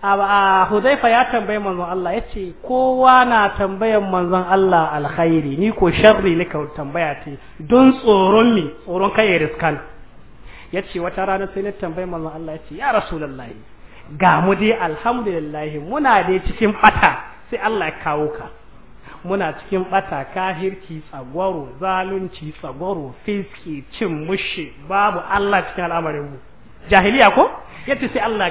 A: a Hudhaifa ya tambayi manzon Allah yace kowa na tambayan manzon Allah alkhairi ni ko sharri ne ka tambaya ce don tsoron mi tsoron kai ya riskan yace wata rana sai na tambayi manzon Allah yace ya rasulullahi ga mu dai alhamdulillah muna dai cikin bata sai Allah ya kawo ka muna cikin bata kahirci tsagwaro zalunci tsagwaro fiski cin mushi babu Allah cikin al'amarin mu jahiliya ko yace sai Allah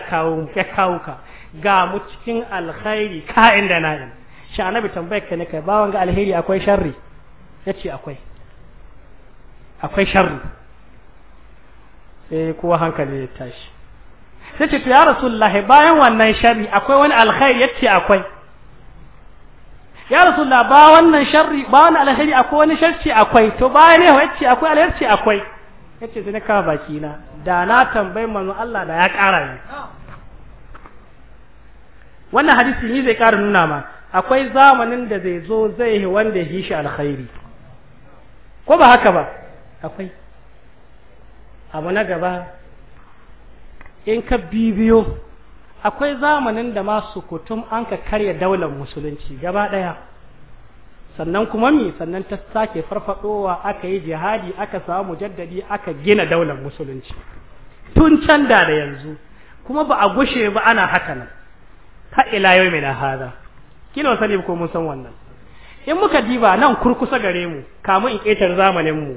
A: ya kawo ka ga mu cikin alkhairi ka'in da na'in shi annabi tambayar ka ne kai bawan ga alheri akwai sharri ce akwai akwai sharri sai eh, kowa hankali ya tashi sai to ya rasulullahi bayan wannan sharri akwai wani alkhairi ce akwai ya rasulullah ba wannan sharri ba wannan alkhairi akwai wani sharci akwai to bayan ce akwai ce akwai ya ce sai na kawo baki na da na tambayi manzon Allah da ya kara ni wannan hadisi ni zai ƙara nuna ma akwai zamanin da zai zo zai yi wanda ya shi alkhairi ko ba haka ba akwai abu na gaba in ka bibiyo akwai zamanin da masu kutum an ka karya daular musulunci gaba ɗaya sannan kuma mi sannan ta sake farfadowa aka yi jihadi aka samu jaddadi aka gina daular musulunci tun can da da yanzu kuma ba a gushe ba ana haka nan har ila yau mai na hada kila ne ko mun san wannan in muka diba nan kurkusa gare mu kamun in ƙetar zamanin mu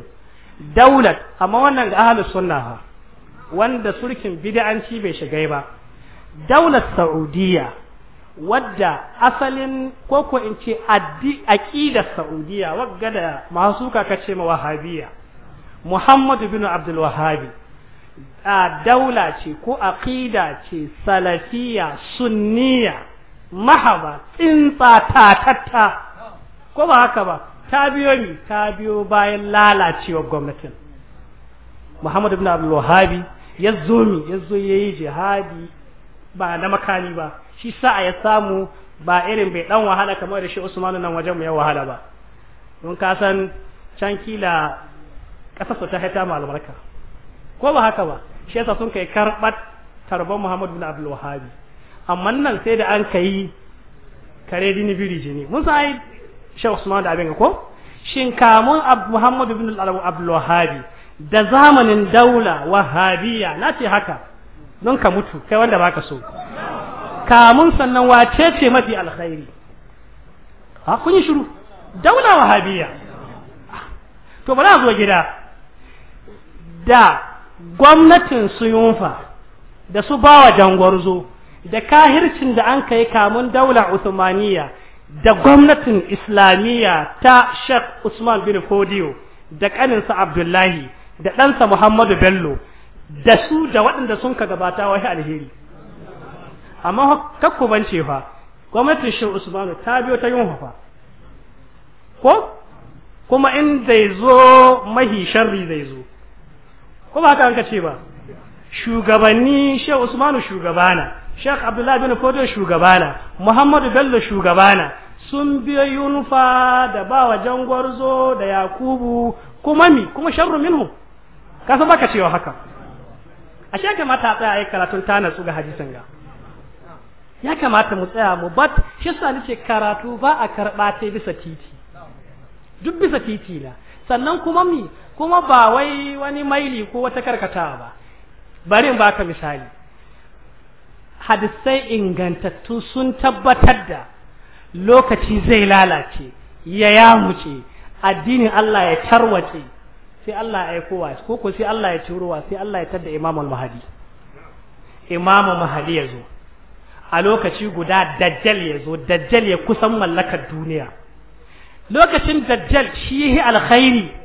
A: daulat amma wannan ga ahlus sunna ha wanda surkin bid'anci bai shigai ba daulat saudiya wadda asalin koko in ce aƙidar saudiya wagga da masu kaka ce ma wahabiya muhammadu bin abdul wahabi a daula ce ko aqida ce salafiya sunniya mahaba ta tatta ko ba haka ba ta biyo mi ta biyo bayan lalacewar gwamnatin Muhammadu bin Abdul wahabi ya zo mi ya zo yayi jihadi ba na makani ba shi sa'a ya samu ba irin bai dan wahala kamar da shi Usmanu nan wajen mu ya wahala ba don ka san can kila kasar ta haita malamarka. albarka ko ba haka ba shi yasa sun kai karbat tarban Muhammad bin Abdul Wahhab amma nan sai da an kai kare dini biri jini mun sai Sheikh Usman da abin ko shin kamun Muhammad bin Abdul Wahhab da zamanin daula wahabiya na ce haka don ka mutu kai wanda baka so kamun sannan wace ce mafi alkhairi ha kun yi shiru daula wahabiya to bari a zo gida da gwamnatin su yunfa da su bawa jangwarzo da kahircin da an kai kamun daula Usmaniya da gwamnatin Islamiyya ta Sheikh Usman bin Kodiyo da ƙaninsa Abdullahi da ɗansa Muhammadu Bello da su da waɗanda sun ka gabata wahi alheri amma kakku ban ce fa gwamnatin Sheikh Usman ta biyo ta yunfa fa ko kuma in zai zo mahi sharri zai zo ko ba haka an kace ba shugabanni Sheikh Usmanu shugabana Sheikh Abdullahi bin Fodo shugabana Muhammadu Bello shugabana sun biyo Yunufa da ba bawa jangwarzo da Yakubu kuma mi kuma sharru minhu ka san baka cewa haka ashe kamata a tsaya ayi karatun ta na ga hadisin ga ya kamata mu tsaya mu bat shi yasa nace karatu ba a karba ta bisa titi duk bisa titi na sannan kuma mi kuma ba wai wani maili ko wata karkatawa ba bari in baka misali hadisai ingantattu sun tabbatar da lokaci zai lalace ya yamuce addinin Allah ya tarwace sai Allah ya aikowa ko ko sai Allah ya wa sai Allah ya tada imamul mahadi imamu mahadi ya zo a lokaci guda dajjal ya zo dajjal ya kusan mallakar duniya lokacin dajjal shi yi alkhairi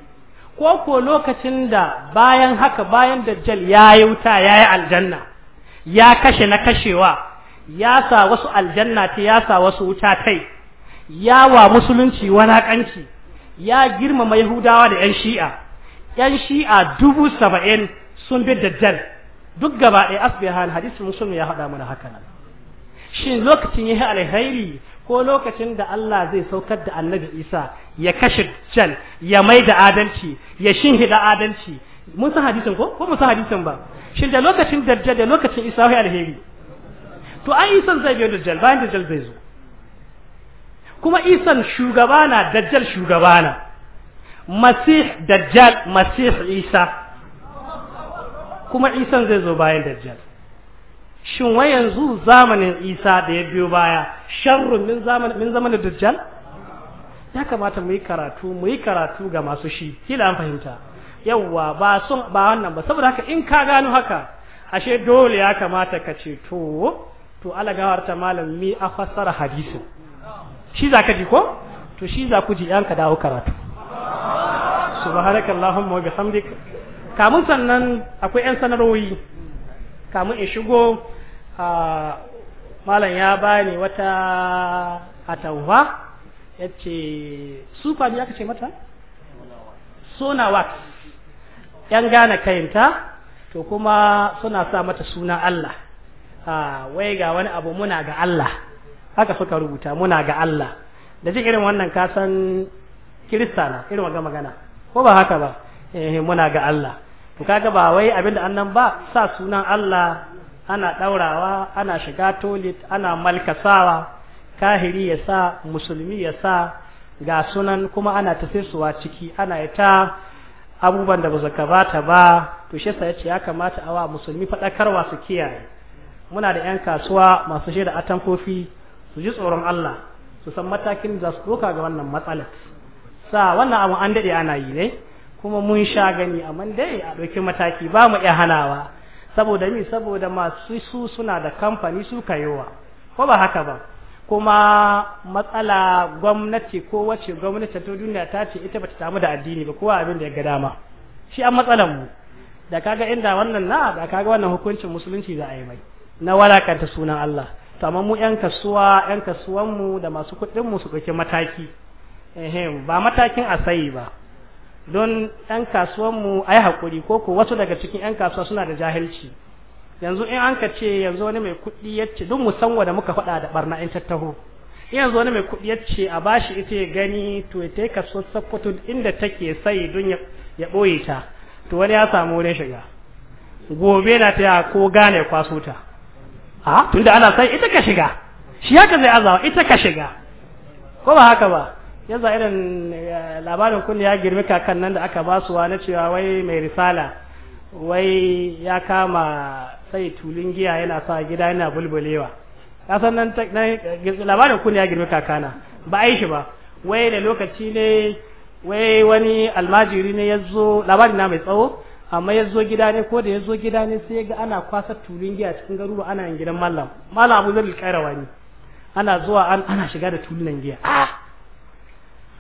A: ko ko lokacin da bayan haka bayan dajjal ya yi wuta ya yi aljanna ya kashe na kashewa ya sa wasu aljanna ta ya sa wasu wuta tai ya wa musulunci walakanci ya girmama yahudawa da yan shi'a yan shi'a dubu saba'in sun bi dajjal duk gaba ɗaya asbihan hadisin musulmi ya haɗa mana haka nan shin lokacin ya yi alheri ko lokacin da Allah zai saukar da annabi Isa ya kashe jal ya mai da adalci ya da adalci mun san hadisin ko ko mun san hadisin ba shin da lokacin dajjal da lokacin Isa wai alheri to ai Isa zai biyo dajjal bayan dajjal zai zo kuma Isa shugaba na dajjal shugaba na masih dajjal masih Isa kuma Isa zai zo bayan dajjal shin wa yanzu zamanin isa da ya biyo baya sharrun min zamanin min zamanin dajjal ya kamata mu yi karatu mu yi karatu ga masu shi kila an fahimta yawwa ba sun ba wannan ba saboda haka in ka gano haka ashe dole ya kamata ka ce to to alagawar ta malam mi a fassara hadisi shi za ka ji ko to shi za ku ji yan ka dawo karatu subhanakallahumma wa bihamdik kamun sannan akwai yan sanarwoyi kamun in shigo malam ya bani wata atawa ya ce sufa ne aka ce mata wax yan gane kayanta to kuma suna sa mata suna Allah wai ga wani abu muna ga Allah haka suka rubuta muna ga Allah da jin irin wannan kasan kirista na irin waga magana ko ba haka ba eh muna ga Allah to kaga ba wai abinda annan ba sa sunan Allah ana ɗaurawa ana shiga tolit ana malkasawa kahiri ya sa musulmi ya sa ga sunan kuma ana tafisuwa ciki ana ita abubuwan da ba ba ta ba to shi sa yace ya kamata awa musulmi faɗakarwa su kiyaye muna da 'yan kasuwa masu shaida atamfofi su ji tsoron Allah su san matakin za su doka ga wannan matsalar sa wannan abu an daɗe ana yi ne kuma mun sha gani amma dai a ɗauki mataki ba mu iya hanawa saboda mi saboda masu su suna da kamfani su kayowa ko ba haka ba kuma matsala gwamnati ko wace gwamnati ta duniya ta ce ita bata samu da addini ba kowa abin da ya ga dama shi an matsalan mu da kaga inda wannan na da kaga wannan hukuncin musulunci za a yi mai na walakanta sunan Allah to mu yan kasuwa yan kasuwan mu da masu kuɗin mu su ɗauki mataki ehem ba matakin asayi ba don yan kasuwanmu a yi haƙuri ko ko wasu daga cikin ɗan kasuwa suna da jahilci yanzu in an ka ce yanzu wani mai kuɗi ya ce duk musamman da muka faɗa da ɓarna in tattaho yanzu wani mai kuɗi ya ce a bashi ita ya gani to ya ta yi inda take sai don ya ɓoye ta to wani ya samu wurin shiga gobe na ta ko gane kwaso ta a tunda ana sai ita ka shiga shi haka zai azawa ita ka shiga ko ba haka ba ya za irin eh, labarin kun ya girmi kakan nan da aka basuwa na cewa wai mai risala wai ya kama sai tulun giya yana sa gida yana bulbulewa kasan nan eh, labarin kun ya girmi kakana ba a yi shi ba wai da lokaci ne wai wani almajiri ne ya zo labarin na mai tsawo amma ya zo gida ne ko da ya zo gida ne sai ga ana kwasa tulun giya cikin garuruwa ana yin gidan mallam mallam abu zai kairawa ne ana zuwa ana shiga da tulunan giya ah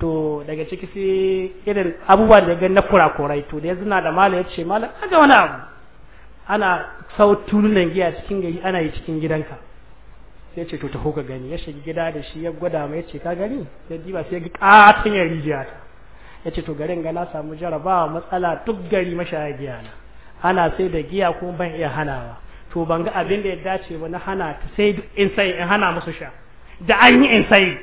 A: to daga ciki sai irin abubuwa da ga na kurakurai to da yanzu na da mala ya ce mala aga wani abu ana sau nan giya cikin gari ana yi cikin gidanka sai ce to ta ka gani ya shiga gida da shi ya gwada mai ce ka gani ya diba sai ga katin ya rijiya ta ya ce to garin ga na samu jarabawa matsala duk gari mashaya giya na ana sai da giya kuma ban iya hanawa to ban ga abin da ya dace ba na hana ta sai in sai in hana musu sha da an yi in sai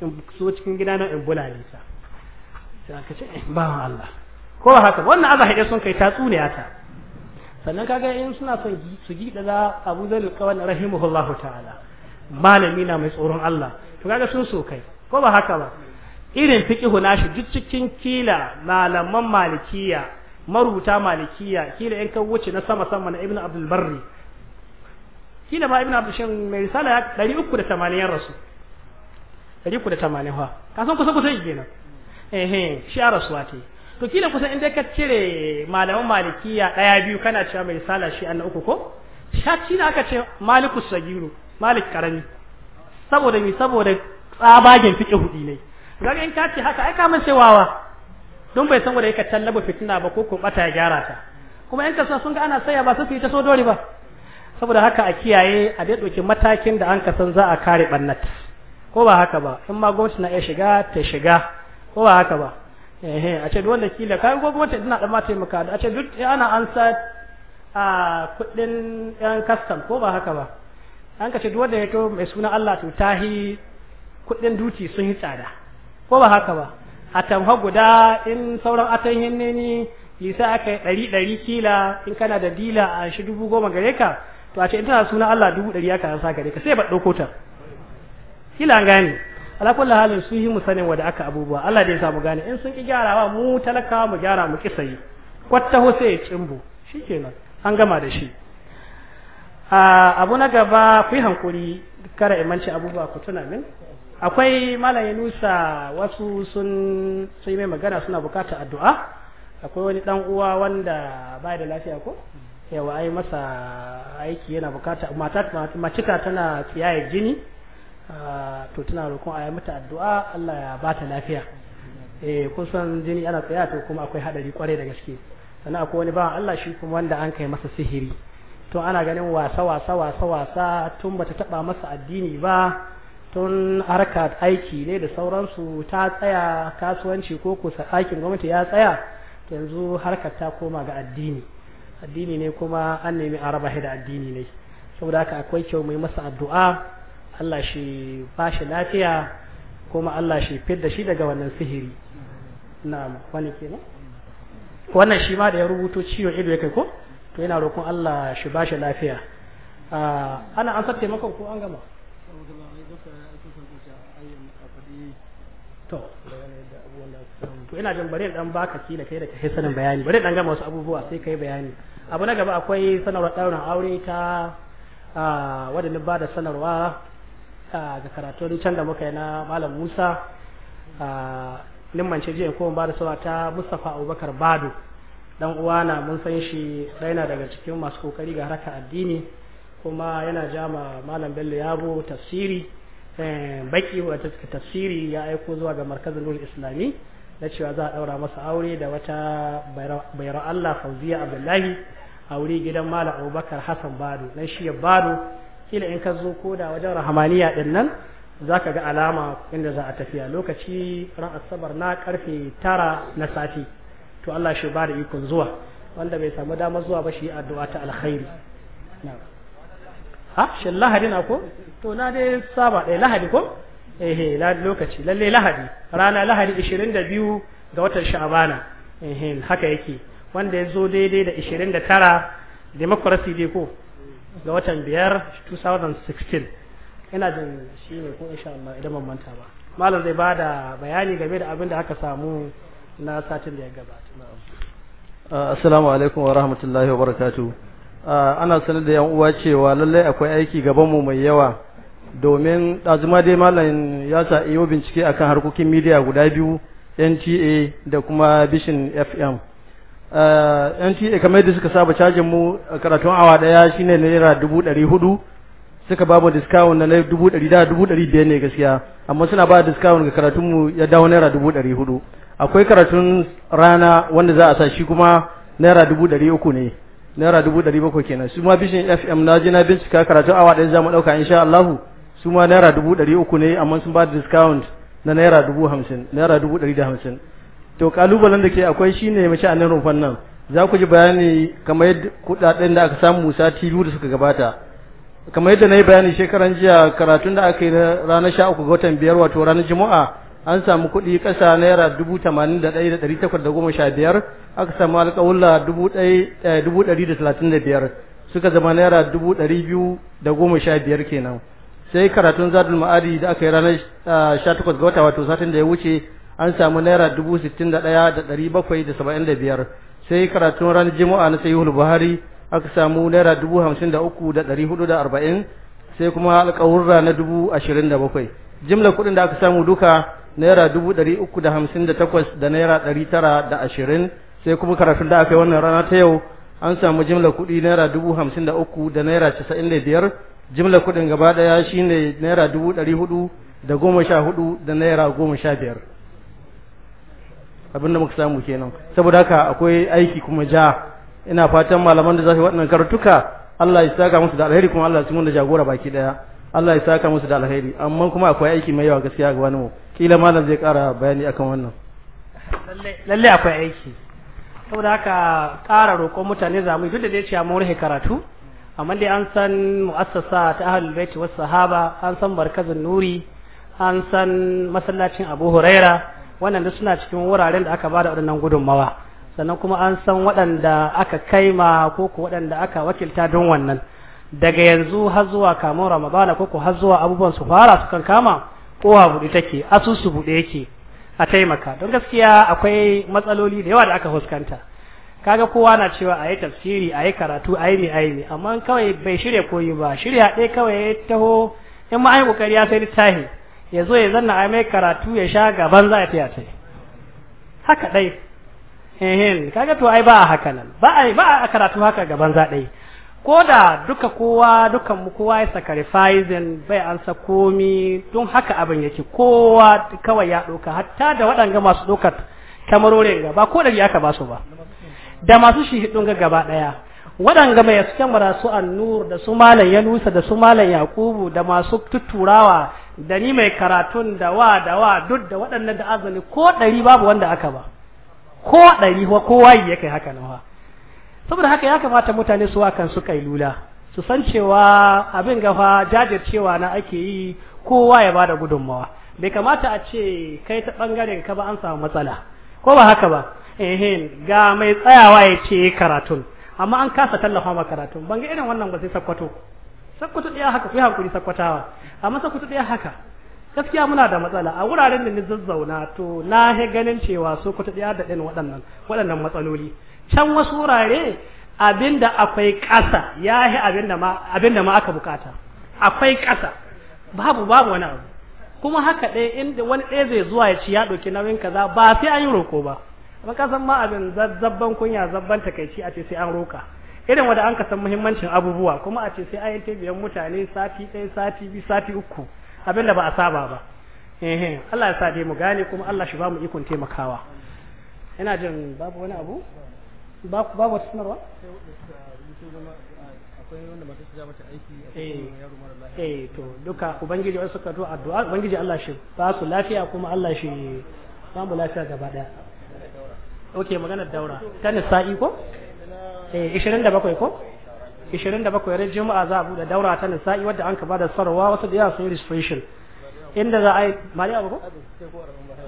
A: in so cikin gida na in ne ta sai aka ce eh, ba Allah ko haka wannan azahi dai sun kai tatsuniya ta sannan kaga in suna son su gi da Abu Zalil qawan rahimahullahu ta'ala malami na mai tsoron Allah to kaga sun so kai ko ba haka ba irin fiqihu nashi duk cikin kila malaman malikiya marubuta malikiya kila in kan wuce na sama sama na Ibn Abdul Barri kila ma Ibn Abdul Shan mai risala 380 rasu ɗari ku da tamanin fa ka san kusa kusa nan eh shi a rasuwa ce to kila kusan inda ka cire malaman malikiya ɗaya biyu kana cewa mai sala shi Allah uku ko shi na aka ce malikus sagiru malik karami saboda mi saboda tsabagen fike hudi ne gaga in ka ce haka ai ka sai wawa don bai san wanda yake tallaba fitina ba ko ko bata ya gyara ta kuma ka sa sun ga ana saya ba su fi ta so dole ba saboda haka a kiyaye a dai doke matakin da an san za a kare bannat ko ba haka ba in ma gwamnati na iya shiga ta shiga ko ba haka ba ehe a ce wanda kila kai gwamnati tana da ma taimaka a ce duk ana ansa a kudin yan custom ko ba haka ba an ka ce duk wanda ya to mai suna Allah to tahi kudin duti sun yi tsada ko ba haka ba a tamha guda in sauran atayin ne ni lisa aka yi ɗari kila in kana da dila a shi dubu goma gare ka to a ce in tana suna Allah dubu ɗari aka sa gare ka sai ba ɗauko ta kila gane ala kullu halin su yi musanin wa wada aka abubuwa Allah da ya mu gane in sun ki gyarawa mu talaka mu gyara mu kisayi kwatta ho sai ya cimbu shikenan an gama da shi a abu na gaba ku yi hankuri kara imanci abubuwa ku tuna min akwai malam Yunusa wasu sun sai mai magana suna bukata addu'a akwai wani dan uwa wanda bai da lafiya ko yawa ai masa aiki yana bukata mata matika tana tsiyaye jini Ah, to tana roƙon a yi mata addu'a Allah ya ba ta lafiya eh kun san jini ana tsaya to kuma akwai hadari kwarai da gaske sannan akwai wani bawan Allah shi kuma wanda an kai masa sihiri to ana ganin wasa wasa wasa wasa tun bata taba masa addini ba tun harka aiki ne da sauransu ta tsaya kasuwanci ko ko aikin gwamnati ya tsaya to yanzu harkar ta koma ga addini addini ne kuma an nemi a raba da addini ne saboda haka akwai kyau mai masa addu'a Allah shi ba shi lafiya kuma Allah shi fidda shi daga wannan sihiri na'am wani kenan wannan shi ma da ya rubuto ciwo ido yake ko to yana roƙon Allah shi ba shi lafiya ah, ana an sa makon ko an gama to to ina jin bare dan baka kila kai da kai sanin bayani bare dan gama wasu abubuwa sai kai bayani abu na gaba akwai sanarwa daurin aure ta ah, wadannan ba da sanarwa ga karatu can da muka yi na malam musa limmance jiya ko ba da sawa ta mustapha abubakar bado dan uwana mun san shi raina daga cikin masu kokari ga harkar addini kuma yana jama malam bello yabo tafsiri eh, baki wata tafsiri ya aiko zuwa ga markazin nurul islami na cewa za a daura masa aure da wata bayar Allah fauziya abdullahi a wuri gidan malam abubakar hassan bado dan shi ya bado kila in ka zo koda wajen rahamaniya din nan za ka ga alama inda za a tafiya lokaci ran asabar na karfe tara na sati to Allah shi ba da ikon zuwa wanda bai samu damar zuwa ba shi addu'a ta alkhairi ha shin lahadi na ko to na dai saba ɗaya lahadi ko ehe lokaci lalle lahadi rana lahadi 22 ga watan sha'abana eh haka yake wanda ya zo daidai da 29 democracy dai ko ga watan biyar 2016 ina jin shi ne ko insha Allah idan ban manta ba malam zai bada bayani game da abin da aka samu na satin da ya gabata
D: uh, assalamu alaikum wa rahmatullahi wa barakatuh uh, ana sanar da yan uwa cewa lallai akwai aiki gaban mu mai yawa domin ɗazuma dai malam ya sa iyo bincike akan harkokin midiya guda biyu nta da kuma bishin fm Eh, NTA kamar yadda suka saba cajin mu a karatun awa daya shine naira dubu ɗari hudu suka ba mu discount na dubu ɗari da dubu ɗari biyar ne gaskiya amma suna ba discount ga karatun mu ya dawo naira dubu ɗari hudu akwai karatun rana wanda za a sa shi kuma naira dubu ɗari uku ne naira dubu ɗari bakwai kenan su ma bishin fm na je na bincika karatun awa ɗaya za mu ɗauka insha allahu su ma naira dubu ɗari uku ne amma sun ba discount na naira dubu hamsin naira dubu ɗari da hamsin to kalubalen da ke akwai shine mace nan rumfan nan za ku ji bayani kamar yadda kudaden da aka samu musa tilu da suka gabata kamar yadda na yi bayani shekaran jiya karatun da aka yi na ranar sha uku ga watan biyar wato ranar juma'a an samu kuɗi ƙasa naira dubu tamanin da ɗaya da ɗari takwas da goma sha biyar aka samu alƙawulla dubu eh, ɗari da talatin da biyar suka zama naira dubu ɗari biyu da goma sha biyar kenan sai karatun zadul ma'adi da aka yi ranar ah, sha takwas ga wata wato satin da ya wuce an samu naira dubu sittin da ɗaya da ɗari bakwai da saba'in da biyar sai karatun ran jimu'a na sayihul buhari aka samu naira dubu hamsin da uku da ɗari hudu da arba'in sai kuma alƙawurra na dubu ashirin da bakwai jimla kuɗin da aka samu duka naira dubu ɗari uku da hamsin da takwas da naira ɗari tara da ashirin sai kuma karatun da aka yi wannan rana ta yau an samu jimla kuɗi naira dubu hamsin da uku da naira casa'in da biyar jimla kuɗin gaba ɗaya shine naira dubu ɗari hudu da goma sha hudu da naira goma sha biyar abin da muka samu kenan saboda haka akwai aiki kuma ja ina fatan malaman da za su waɗannan karatuka Allah ya saka musu da alheri kuma Allah ya cimu da jagora baki daya Allah ya saka musu da alheri amma kuma akwai aiki mai yawa gaskiya ga wani mu kila malam zai ƙara bayani akan wannan
C: lalle akwai
A: aiki saboda haka ƙara roƙon mutane zamu duk da dai cewa mun rufe karatu amma dai an san mu'assasa ta ahlul bait was sahaba an san barkazun nuri an san masallacin Abu Huraira wannan da suna cikin wuraren da aka ba da waɗannan gudunmawa sannan kuma an san waɗanda aka kaima ko ku waɗanda aka wakilta don wannan daga yanzu har zuwa kamun ramadana ko ku har zuwa abubuwan su fara su kan kama kowa buɗe take asusu buɗe yake a taimaka don gaskiya akwai matsaloli da yawa da aka fuskanta kaga kowa na cewa a yi tafsiri a yi karatu a yi ne a yi ne amma kawai bai shirya koyi ba shirya ɗaya kawai ya taho in ma sai ya sai littafi ya zo ya zanna a mai karatu ya sha gaban za a fiya ta haka dai ehin kaga to ai ba a haka nan ba a ba a karatu haka gaban za dai ko da duka kowa dukan mu kowa ya sacrificing bai an sa komi don haka abin yake kowa kawai ya ɗauka hatta da waɗanga masu ɗaukar kamarorin ba ko da aka ba su ba da masu shi ga gaba ɗaya waɗanga mai suke mara su annur da su malam ya da su malam yakubu da masu tuturawa da ni mai karatun da wa da wa duk da waɗannan da azumi ko ɗari babu wanda aka ba ko ɗari wa kowa ya kai haka nawa saboda haka ya kamata mutane su wa kansu kailula su san cewa abin gafa jajircewa na ake yi kowa ya bada gudunmawa bai kamata a ce kai ta bangaren ka ba an samu matsala ko ba haka ba ehin ga mai tsayawa ya ce karatun amma an kasa tallafa ma karatun ban ga irin wannan ba sai sakkwato sakkwato ɗaya haka kuyi hakuri sakkwatawa a masa kutu ɗaya haka gaskiya muna da matsala a wuraren da ni zazzauna to na he ganin cewa su kutu ɗaya da ɗin waɗannan waɗannan matsaloli can wasu wurare abinda akwai ƙasa ya he abinda ma ma aka bukata akwai ƙasa babu babu wani abu kuma haka ɗaya inda wani ɗaya zai zuwa ya ci ya ɗauki nauyin kaza ba sai an yi roƙo ba ba kasan ma abin zabban kunya zabban takaici a ce sai an roka. irin wanda an kasan muhimmancin abubuwa kuma a ce sai an yi biyan mutane sati ɗaya sati biyu sati uku abin da ba a saba ba eh Allah ya sa dai mu gane kuma Allah shi ba mu ikon taimakawa ina jin babu wani abu babu babu wata sanarwa
C: eh, eh to duka
A: ubangiji wasu suka zo addu'a ubangiji Allah shi ba su lafiya kuma Allah shi ba mu lafiya gaba daya okay magana daura ta ne sa'i ko 27 eh, ko 27 ran juma'a za a bude daura ta nisa'i wadda an ka ba da sarwa wasu da yawa sun yi registration inda za a yi mali abu ko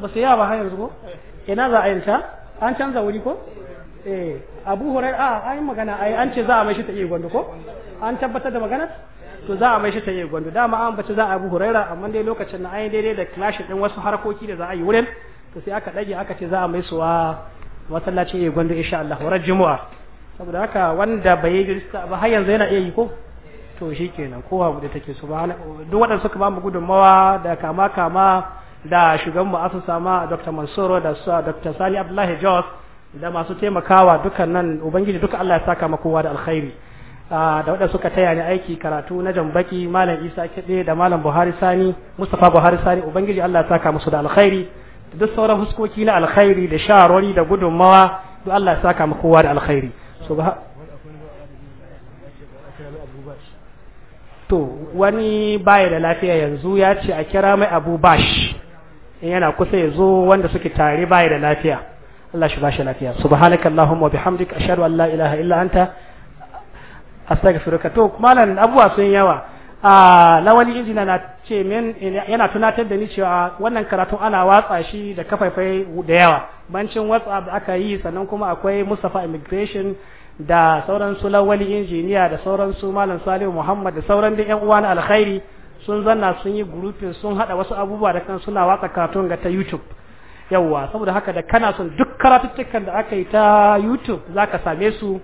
A: ba su yawa har yanzu ko ina za a yi ta an canza wuri ko eh abu hurai a an yi magana ai an ce za a mai shi ta iya gwandu ko an tabbatar da magana to za a mai shi ta iya gwandu dama an bace za a abu huraira amma dai lokacin na an yi daidai da clash din wasu harkoki da za a yi wurin to sai aka dage aka ce za a mai suwa masallaci iya gwandu insha Allah ran juma'a saboda haka wanda bai yi girista ba har yanzu yana iya yi ko to shi kenan ko bude take su duk waɗanda suka ba mu gudunmawa da kama kama da shugaban mu asusa ma dr mansoro da su dr sani abdullahi jos da masu taimakawa dukan nan ubangiji duka allah ya saka ma kowa da alkhairi ah, da waɗanda suka taya ni aiki karatu na jambaki malam isa kiɗe da malam buhari sani mustapha buhari sani ubangiji allah ya saka musu da alkhairi da duk sauran huskoki na alkhairi da sharori da gudunmawa duk allah ya saka ma kowa da alkhairi to wani baya da lafiya yanzu ya ce a kira mai abu bash yana kusa ya zo wanda suke tare baya da lafiya Allah shi bashi lafiya subhanaka allahumma wa bihamdika ashhadu an la ilaha illa anta astaghfiruka to malam abuwa sun yawa a lawali injina na ce min yana tunatar da ni cewa wannan karatu ana watsa shi da kafaifai da yawa bancin whatsapp da aka yi sannan kuma akwai mustapha immigration da sauran su lawali injiniya da sauran su malam salihu muhammad da sauran da yan uwa na alkhairi sun zanna sun yi grouping sun hada wasu abubuwa da kan suna watsa karatun ga ta youtube yawa saboda haka da kana son duk karatuttukan da aka yi ta youtube zaka same su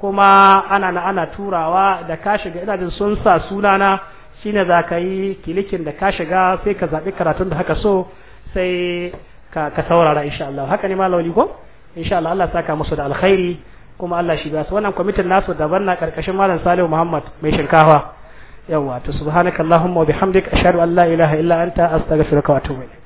A: kuma ana na ana turawa da ka shiga ina jin sun sa sunana shine za ka yi kilikin da ka shiga sai ka zaɓi karatun da haka so sai ka, ka saurara insha Allah haka ne malawali ko insha Allah Allah saka musu da alkhairi kuma Allah shi ba su wannan kwamitin nasu daban na karkashin malam Salihu Muhammad mai shinkafa yawa to subhanakallahumma wa bihamdika ashhadu an la ilaha illa anta astaghfiruka wa atubu